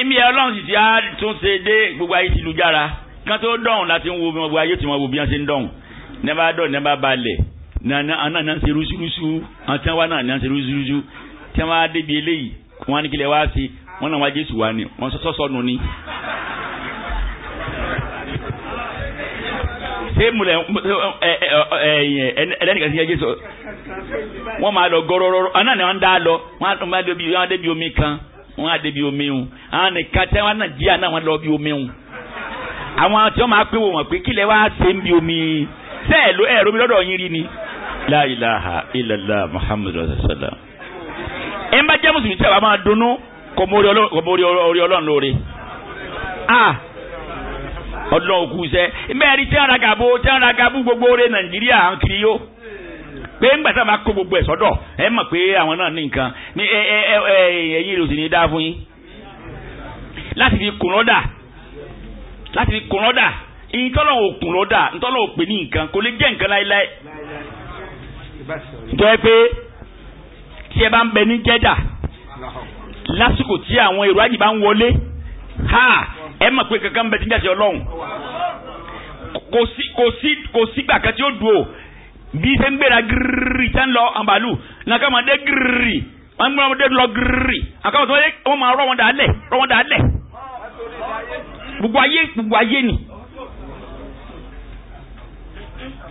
èmi ẹ ọlọ́run sì ti á tún ṣe dé gbogbo ayé ti lu jára kan tó dọ̀hún láti ń wo gbogbo ayé tí wọ́n wo bí wọ́n ṣe ń dọ̀hún ní bá dọ̀ ní bá balẹ̀ nana ana nan ṣe rusurusu àti wọn náà nan ṣe rusurusu tí wọn á débi eléyìí wọn á ní kílẹ̀ wá sí wọn náà wá jésù wá ní wọn sọ́sọ́ nù ní. tèmùlẹ̀ ẹlẹ́nìkan sí ẹjẹ́ sọ wọ́n máa lọ gọ́rọ́rọ́ ọ̀nà ah, ni wọ́n dá lọ wọ́n á débi wọ́n á débi omi kan wọ́n á débi omi hùn àwọn nìkan tẹ́ wọ́n á nàìjíríà náà wọ́n lọ bí omi hùn àwọn tí wọ́n máa pé wọ́n pé kílẹ̀ wá ṣe ń bi omi sẹ́ẹ̀ ló ẹ̀rọ mi lọ́dọ̀ yín rí ni. la ilaha illallah muhammadu rasulullah. ẹ ń bá jẹ́ mùsùlùmí tí a bá máa dunnú kò mórí ọlọ́run lóore. Ah! ọlọ́run kú sẹ́ bẹ́ẹ̀ ni tí ara gàbó tí ara gàbó gbogbo rẹ̀ nàìjíríà à ń kiri yó pé ń gbàtà máa kó gbogbo ẹ̀ sọ́dọ̀ ẹ mọ̀ pé àwọn náà ní nǹkan ní ẹ ẹ ẹ ẹ ẹyí ló sì ní dá fún yín láti fi kùn lọ́dà láti fi kùn lọ́dà ìtọ́lọ̀ ò lọ́dà ìtọ́lọ̀ ò ní nǹkan kò lè jẹ́ nǹkan láéláé jọ ẹ pé tí ẹ bá ń bẹ ní jẹ́jà lásìkò tí àwọn èrò àjì bá ń wọlé ha ẹ mọ̀ pé kankan bẹ ti jáde ọlọ́run kò sí kò sí kò sí gbà kan ó dùn o bí ṣe ń gbéra gírírí ṣe ń lọ àbàlù nàkà máa dé gírírí wọn ń gbéra wọn lọ gírírí àkàwọn tó wọn máa rọ wọn dà á lẹ wọn dà á gbogbo ayé gbogbo ayé ni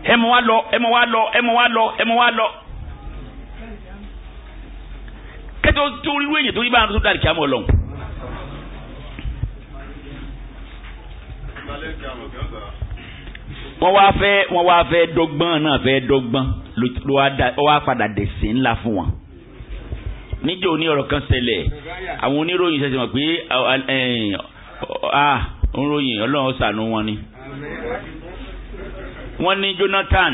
ẹ mọ wá lọ ẹ mọ wá lọ ẹ mọ wá lọ ẹ mọ wá lọ kẹtọ tó rí wéyìn tó yí bá ń tó dàrí kí á mọ lọhùn. wọ́n wá fẹ́ wọ́n wá fẹ́ dọ́gbọ́n náà fẹ́ dọ́gbọ́n ló wá padà dẹ̀sẹ̀ ńlá fún wọn. níjẹ́ òní ọ̀rọ̀ kan ṣẹlẹ̀ àwọn oníròyìn ṣẹ̀ṣẹ̀ mọ̀ pé ah, oníròyìn ọlọ́run ṣàánú wọn ni. wọ́n ní Jonathan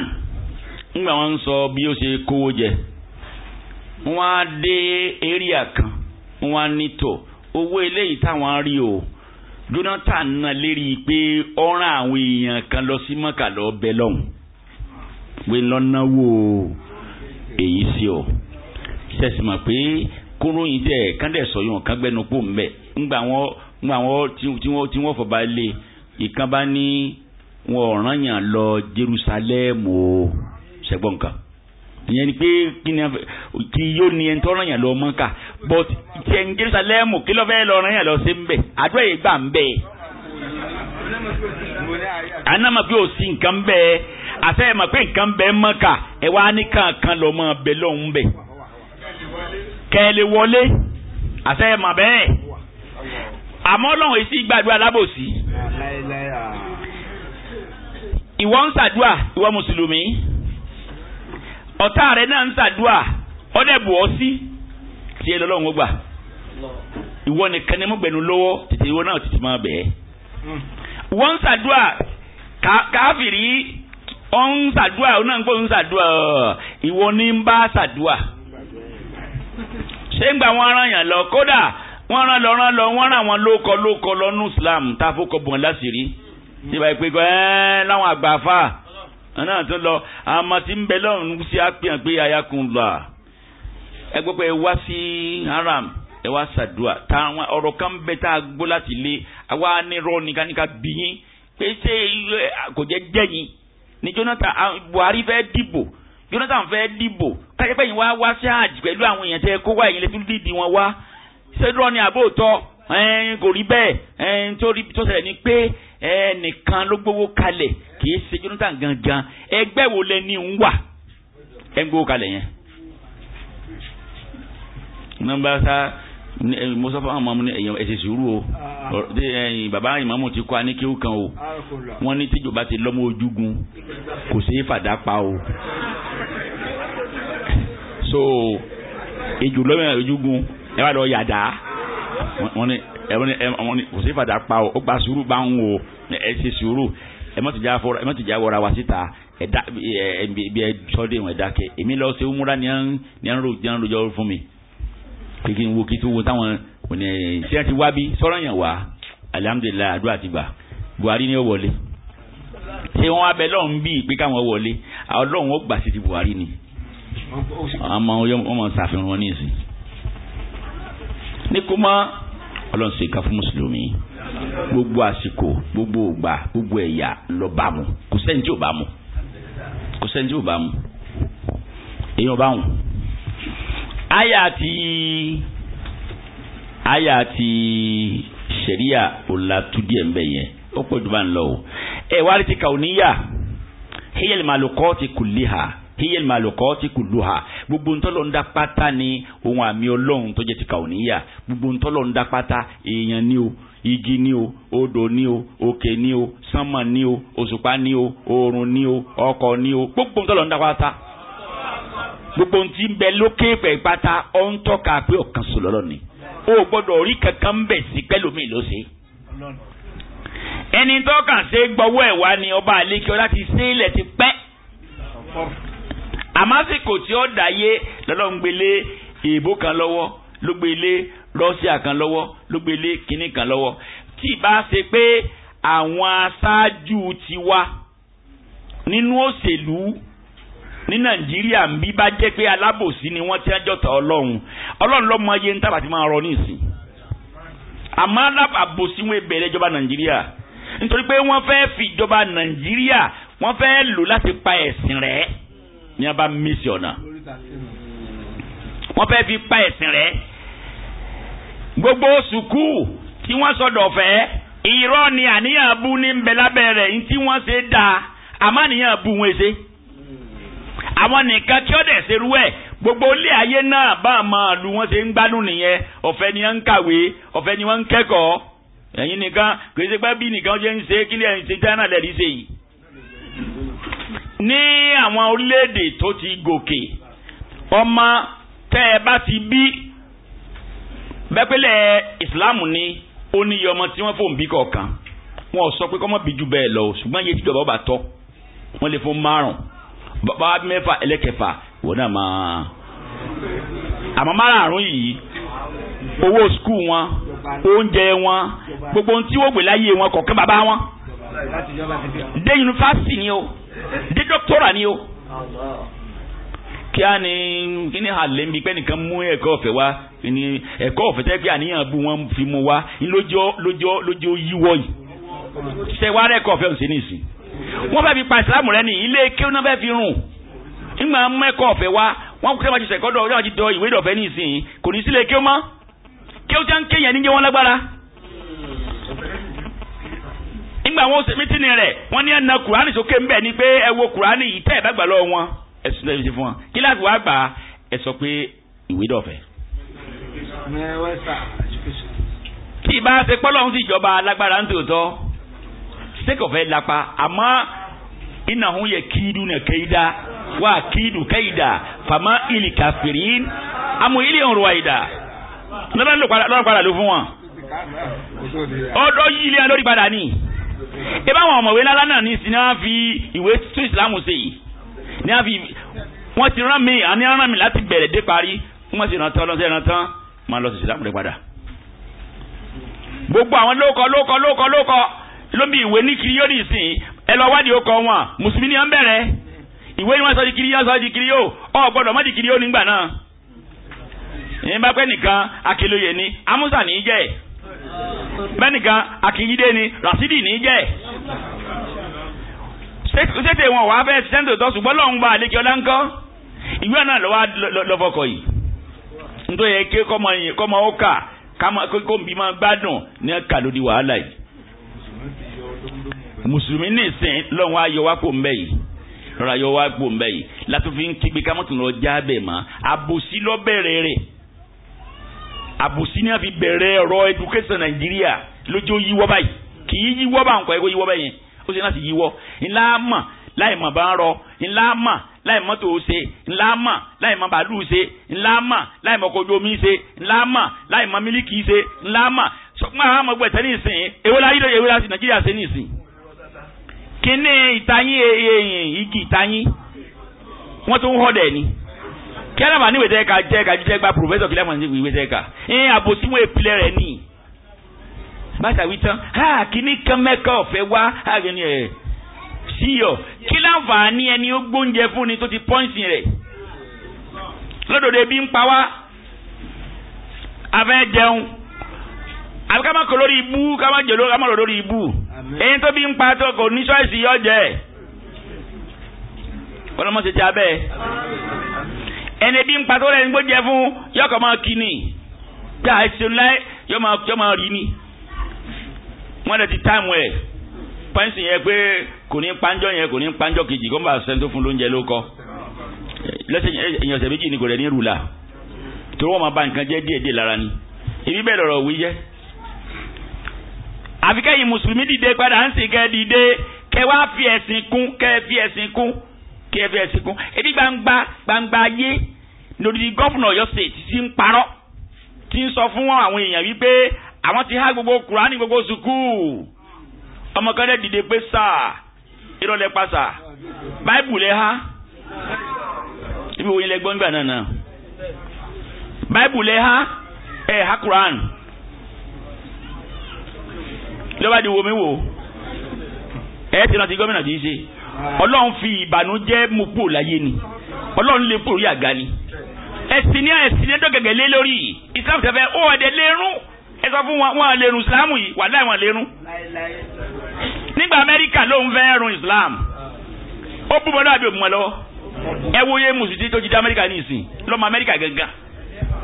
ńgbà wọn ń sọ bí ó ṣe kówó jẹ wọ́n á dé eria kan wọ́n á nítò owó eléyìí táwọn á rí o. Jonathan náà lérí pé ọ̀ràn àwọn èèyàn kan lọ sí mọ́kà lọ bẹ lọ́hùn pé lọ́nà wo èyí sí ọ sẹ́sì mọ̀ pé kóróyìn tẹ̀ kándẹ̀ sọ̀yún kan gbẹnu pò ń bẹ̀ ńgbà wọn ńgbà wọn tí wọn tí wọn fọba lé ìkan bá ní wọn ọ̀ràn yàn lọ Jerusalem o ṣẹgbọ́n kan ìyẹn ni pé kí yóò ní ẹni tó ràn yàn lọ mọ́kà but ṣe ń Jerusalem kí ló fẹ́ lọ ràn yàn lọ sí mbẹ àdúrà yìí gbà ń bẹ. anamọ pé o sí nǹkan bẹ àfẹ́ mọ̀ pé nǹkan bẹ mọ́kà ẹ wá ní kankan lọ mọ́ bẹ lọ́hùn bẹ. kẹ́lẹ́ wọlé àfẹ́ mọ̀ bẹ́ẹ̀ àmọ́ lọ́hùn èsì gbàdúrà lábòsí. ìwọ ń ṣàdúà ìwọ mùsùlùmí ọ̀tá rẹ̀ náà ń ṣàdúà ọ̀dẹ̀ bù ọ́ sí tí ẹ lọ́lọ́run ó gbà ìwọ nìkan ni mo gbẹ̀nu lọ́wọ́ tètè ìwọ náà tètè máa bẹ̀ẹ́. wọ́n ń ṣàdúà káfìrí ọ̀ ń ṣàdúà ọ̀ náà ń pè ń ṣàdúà ìwọ ní ń bá ṣàdúà. ṣé ń gbà wọ́n rán yàn lọ kódà wọ́n rán lọ rán lọ wọ́n rán wọn lóko lóko lọ́nù Islam tá a fọkọ̀ bùn láṣìírí. ìbá ìpè kọ́ ẹ́ láwọn àgbà fáà Ana tún lọ àmọ́ tí ń bẹ lọ́run sí pe pé ayakun lọ à ẹ gbọ́ pé ẹ haram ẹ wá ṣàdúrà táwọn ọ̀rọ̀ kan bẹ tá a gbọ́ láti lé àwa nírọ́ nìkan nìkan bí pé ṣé kò jẹ́ jẹ́yìn ni Jonathan Buhari fẹ́ dìbò Jonathan fẹ́ dìbò kájẹ́pẹ́ yìí wá wá sí àjì pẹ̀lú àwọn èèyàn tẹ́ kó wá èyí lè tún dìdì wọn wá ṣé dúró ni àbóòtọ́ kò rí bẹ́ẹ̀ tó ṣẹlẹ̀ ni pé ẹnìkan ló gbowó kalẹ̀ kì í ṣe Jonathan gangan ẹgbẹ́ wo lẹ ní ń wà ẹ ń gbowó kalẹ̀ yẹn. nọ́mbà sá mo fún àwọn ọmọ mi ẹ ṣe sùúrù o ah. bàbá ìmọ̀mù ti kọ́ aníkéwù kan o ah, wọ́n ní tíjọba ti lọ́mọ ojúgun kò sí fàdá pa o. so ìjùlọ́mọ ojúgun ẹ wá lọ yàdá wọ́n ní ẹ̀wọ́n ni ẹ̀wọ́n ni kò sí fàdà pa o ó gba sùúrù bá ń wò ẹ ṣe sùúrù ẹ mọ̀ tìjà fọra ẹ mọ̀ tìjà wọra wa síta ẹ da ẹ ẹ bí ẹ sọ́dẹ̀ wọn ẹ dákẹ́ èmi lọ sí umura ni ẹn ni ẹn rojọ́ ẹn rojọ́ fún mi kìkì ń wo kí tó wo táwọn òní ẹ ṣé ẹ ti wá bí sọ́rọ̀ yẹn wá alihamudulilayi àdúrà ti gbà Buhari ni ó wọlé ṣé wọn abẹ lọ́hùn bí ìpè káwọn wọlé àwọn ó gbà sí ti Buhari ni àmọ́ wọn ṣàfihàn wọn ní ìsìn ní kó máa ọlọ́run sì ká fún mùsùlùmí gbogbo àsìkò gbogbo ògbà gbogbo ẹ̀yà lọ bá mu kò sẹ́ni tí ò bá mu kò sẹ́ni tí ò bá mu èèyàn bá wù. àyà ti àyà ti sẹ̀ríà ọ̀làtúndì ẹ̀ ń bẹ̀ yẹn ó pọ̀ jù bá ń lọ o ẹ̀ wá rí ti kàwé níyà hiyal malukoti kulliha. hiyel malukoti kulluha gbogbo ntọ́lọ̀ ń da pátá ni ohun àmì ọlọ́run tó jẹ́ ti kàwọ́níyà gbogbo ntọ́lọ̀ ń èèyàn ni o igi ni o odò ni o òkè ni o sánmọ̀ ni o òṣùpá ni o oorun ni o ọkọ ni o gbogbo ntọ́lọ̀ ń da pátá gbogbo ntí ń bẹ lókè pẹ̀ pátá ọ̀ ń tọ́ka pé ọ̀kan sọ̀lọ́lọ́ ni o gbọ́dọ̀ rí kankan ń bẹ̀ sí pẹ́lómi ló ṣe ẹni tọ́ka ṣe gbọ́wọ́ ẹ̀ ni ọba àlékè ọ láti ṣe ilẹ̀ ti pẹ́ àmásìkò tí ó dàyé lọ́lọ́ngbélé èèbó kan lọ́wọ́ ló gbélé rọ́ṣíà kan lọ́wọ́ ló gbélé kínní kan lọ́wọ́ tí ìbá ṣe pé àwọn aṣáájú tiwa nínú òṣèlú ní nàìjíríà ń bí bá jẹ́ pé alábòsí ni wọ́n ti ń jọ̀tà ọlọ́run ọlọ́run lọ́mọ ayé ń tàbátì máa rọ nísìn àmọ́ alábòsí wọn bẹ̀rẹ̀ ìjọba nàìjíríà nítorí pé wọ́n fẹ́ fi ìjọba nàìjíríà wọ́n fẹ́ lò láti pa ẹ̀sìn rẹ̀ ní a bá mísì ọ̀nà wọ́n fẹ́ fi pa ẹ̀sìn rẹ̀ gbogbo sùkúù tí wọ́n sọ̀dọ̀ fẹ́ irọ́ ni àníyàn bú ní nbẹ̀lábẹ́ rẹ̀ ní tí wọ́n ṣe dáa àmọ́ àníyàn bú wọn ṣe àwọn nìkan kí ó dẹ̀ ṣerú ẹ̀ gbogbo ilé ayé náà bá a máa lu wọn ṣe ń gbádùn nìyẹn ọ̀fẹ́ ni wọ́n ń kàwé ọ̀fẹ́ ni wọ́n ń kẹ́kọ̀ọ́ ẹ̀yin nìkan kì í ṣe pé bí nìkan ṣe ń ṣe kílẹ̀ ń ṣe china lẹ́ẹ̀rí ṣe yìí ní àwọn orílẹ̀-èdè tó ti gòkè ọmọ tẹ́ ẹ bá ti bí bẹ́pẹ́lẹ̀ ìsìláàmù ni ó ní iye ọmọ tí wọ́n fòun bí kọ̀ọ̀kan wọn ò sọ pé kọ́mọ́ bí ju bẹ́ẹ̀ lọ ṣùgbọ́n iye tíjọba ọba tọ́ wọ́n lè fún márùn-ún bàbá mẹ́fà ẹlẹ́kẹfà wọ́n náà máa àmọ́ márààrún yìí owó skul wọn oúnjẹ wọn gbogbo ohun tí wọ́n gbé láyé wọn kọ̀ọ̀kan bàbá wọn dé yunifásitì ni o jẹ́ dọ́kítọ́rà ni o kí á ní kí ní àlẹ́ ń bi pé nìkan mú ẹ̀kọ́ ọ̀fẹ́ wá ní ẹ̀kọ́ ọ̀fẹ́ tẹ́ pé àníyàn bú wọn fi mú wá lójó lójó lójó yíwọ́ yìí ṣe wá rẹ́kọ̀ ọ̀fẹ́ òsè ní ìsìn wọ́n fẹ́ fi pa ìsìlámù rẹ ní ilé kí wọ́n fẹ́ fi rùn nígbà mú ẹ̀kọ́ ọ̀fẹ́ wá wọ́n kí wọ́n ti sẹ̀kọ́ dọ̀ wọ́n ti dọ ìwé dọ̀fẹ́ ní ìsìn kò ní sílé kí ó mọ́ kí ó já ń kéèyàn níjẹ́ wọn lágbára nígbà wọn ṣe mítìnì rẹ̀ wọ́n ní ẹ̀nà kùránì sókè ńbẹ̀ ni pé ẹ wo kùránì yìí tẹ́ ẹ̀ bá gbà lọ́wọ́ wọn ẹ̀sùn tẹ́ ẹ fi ṣe fún wọn kí láti wá gbà ẹ sọ pé ìwé dọ̀fẹ́. kí ibà ṣe pọ́lọ́hún sí ìjọba alágbára ń tòótọ́ sẹ́kọ̀fẹ́ lapa àmọ́ ìnáhùn yẹ kíìdù nà kéìdá wà kíìdù kéìdà fàmà ìlì kàfìrín àmọ́ ìlì òǹrò àìdá lọ́dọ̀ padà ló fún wọn. ọdọ yìí ilé alórí padà ni ìbá àwọn ọ̀mọ̀wé ńlá náà ní ìsìn ní wọ́n fi ìwé tún ìsìlámù ṣe yìí ní wọ́n fi wọ́n ti rán mi àní rán mi láti bẹ̀rẹ̀ dé parí wọ́n sì rántán lọ́sẹ̀ rántán máa lọ sí ìsìlámù rẹ̀ padà. gbogbo àwọn lóko lóko lóko lóko ló ìwé ní kiri yóò ní ẹ lọ wádìí ó kọ wọn mùsùlùmí ni wọ́n bẹ̀rẹ̀ ìwé ni wọ́n sọ di kiri yóò sọ di kiri yóò ọ gbọ́dọ̀ má di kiri yóò nígbà náà. ìyẹn bá pẹ́ nìkan akélóye ni amúsà ní í jẹ́ bẹ́nìkan ni rasidi ní jẹ́ sète wọn wàá fẹ́ sẹ́ńtò tó ṣùgbọ́n lọ́hùn bá àlejò ọláńkọ́ ìwé náà lọ́wọ́ lọ́fọkọ̀ yìí nítorí yẹ kí kọ́mọ yìí kọ́mọ ó kà kó n bí máa gbádùn ní ẹ̀ka lórí wàhálà yìí mùsùlùmí wá ń bẹ́ yìí wá ń bẹ́ yìí kígbe mọ́ àbùsí ni a fi bẹ̀rẹ̀ ọ̀rọ̀ education nàìjíríà lójó yíwọ́ báyìí kì í yíwọ́ bá nǹkan ẹ̀kọ́ yíwọ́ báyìí ó ṣe láti yíwọ́ ńlá mọ̀ láì mọ̀ bá ń rọ ńlá mọ̀ láì mọ̀ tó ṣe ńlá mọ̀ láì mọ̀ bàálù ṣe ńlá mọ̀ láì mọ̀ kojú omi ṣe ńlá mọ̀ láì mọ̀ mílíkì ṣe ńlá mọ̀ sọ́kùnmọ́ àwọn ọmọ ẹgbẹ́ tẹ́lẹ̀ ewé láyé lóye ewé láti nàìjíríà ṣe ní kíní ìtayín èèyàn igi ìtayín wọ́n tún họ́ dẹ̀ ni kí alábàá ní ìwé tẹ́ ká jẹ́ ká jíjẹ́ gba pòfẹ́sọ̀ kílẹ̀ mọ̀ọ́sí ìwé tẹ́ ká ẹ̀ àbòsí wọn èpìlẹ̀ rẹ̀ ni. bàtà wí tán ha kíní kan mẹ́kà ọ̀fẹ́ wá àgbẹ̀ni ẹ̀ síyọ̀ kí láǹfààní ẹni ó gbóúnjẹ fún ni tó ti pọ́ǹsì rẹ̀ lọ́dọ̀dọ̀ ebi ń pa wá afẹ́ jẹun àbí ká má kọ lórí ibú ká má jẹ lórí ká má lọ lórí ibú ẹyin tó bí ń pa tó kò ní sọ́ọ̀sì yọ jẹ ọlọ́mọ ẹni bí ń pa tó lẹ́nu gbójẹ fún yọkọ̀ máa kí ni bí a ṣe láì yọ máa yọ máa rí ni wọ́n lè ti táìmù ẹ̀ pẹ́ǹsì yẹn pé kò ní panjọ́ yẹn kò ní panjọ́ kejì kó ń bá sẹ́ni tó fún lóúnjẹ ló kọ́ lọ́sẹ̀ èèyàn méjì ni kò rẹ̀ ní rúlà tó wọ́n máa ba nǹkan jẹ́ díẹ̀ díẹ̀ lára ni ibi bẹ́ẹ̀ lọ̀rọ̀ wí jẹ́ àfikẹ́yìn mùsùlùmí dìde padà ń sìn kẹ́ dìde kẹ́ wá fi ẹ̀sìn kún kẹ́ fi ẹ̀sìn kún ti ẹfẹ ẹsìnkún ebi gbangba gbangba ayé lòdìdí gọ́fúnà Ọ̀yọ́ state ti ń parọ́ ti ń sọ fún àwọn èèyàn wípé àwọn ti há gbogbo kùránì gbogbo sùkúù ọmọ kan dẹ̀ dìde pé sáà ìrọ̀lẹ́ pa sáà báìbù lẹ́ há ibi wo yẹn lẹ gbọ́ nígbà náà náà báìbù lẹ́ há ẹ̀ há kùránì di wo mi wò ẹ̀ ti rántí gómìnà tí ń ṣe ọlọ́run fi ìbànújẹ́ mú pò láyé ni ọlọ́run lè pò rí àga ni ẹ̀sìn ní ẹ̀sìn ní dọ́gẹ̀gẹ̀ lé lórí islam tẹ̀fẹ́ ó ẹ̀dẹ̀ lérún ẹ sọ fún wọn wọn lérun islam yìí wà láì wọn lérun nígbà amẹ́ríkà ló ń fẹ́ run islam ó bú mọ́lá àbí òmùmọ́ lọ́wọ́ ẹ wo ye mùsùlùmí tó ti dé amẹ́ríkà ní ìsìn lọ́mọ amẹ́ríkà gangan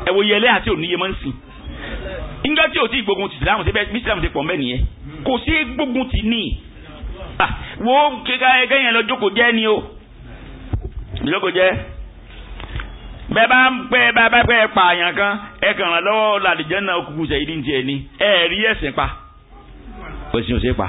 ẹ wo ye ẹlẹ́yà tí ò níye máa ń sìn nígbà tí ò tí gbógun ti islam ṣe bẹ́ẹ̀ bí islam ṣe pọ̀ mbẹ́ nìyẹn kò sí gbógun ti ní Ah, wo kíkà ẹgẹ́ yẹn lọ jókòó jẹ́ ni o jókòó jẹ́ bẹ́ẹ̀ bá ń pẹ́ bá bá pẹ́ pààyàn kan ẹ kàn án lọ́wọ́ làdìjẹ́ náà kúkú sẹ́yìn ní tiẹ̀ ni ẹ̀ẹ́rí ẹ̀sìn pa òsì òsì pa.